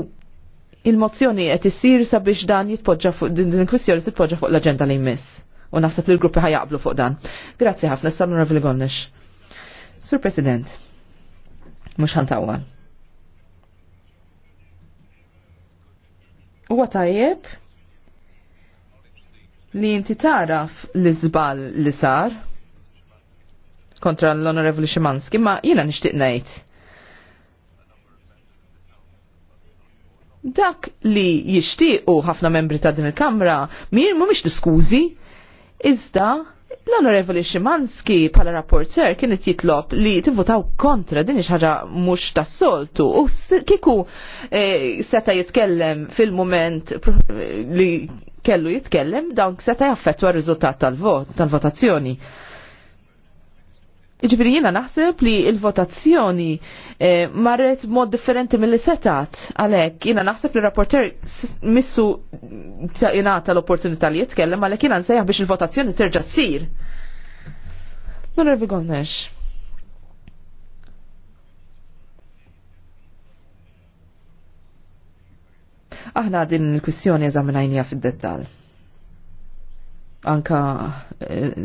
il-mozzjoni qed issir sabiex dan jitpoġġa fuq din il-kwistjoni titpoġġa fuq l-agenda li jmiss. U naħseb li l-gruppi ħajaqblu fuq dan. Grazzi ħafna, s-sannu Ravli Gonnex. Sur President, mux ħantawa. Huwa tajjeb? li inti taraf li zbal li sar kontra l-Onorevoli Szymanski, ma jiena nixtieq ngħid. Dak li jixtiequ ħafna membri ta' din il-Kamra, mir mhumiex diskużi, iżda L-Onorevoli Szymanski pala rapporter kienet jitlob li tivvotaw kontra din ħaġa mhux tas-soltu u kiku eh, seta jitkellem fil-moment li kellu jitkellem dawn seta jaffettwa r-riżultat tal-vot, tal-votazzjoni. tal votazzjoni Iġbiri jina naħseb li il-votazzjoni eh, marret mod differenti mill setat għalek jina naħseb li rapporter missu jinaħta l-opportunità li jitkellem għalek jina nsejħ biex il-votazzjoni terġa sir. Nur revi gonnex. Aħna din il-kwistjoni eżaminajnija fid-dettal anka eh,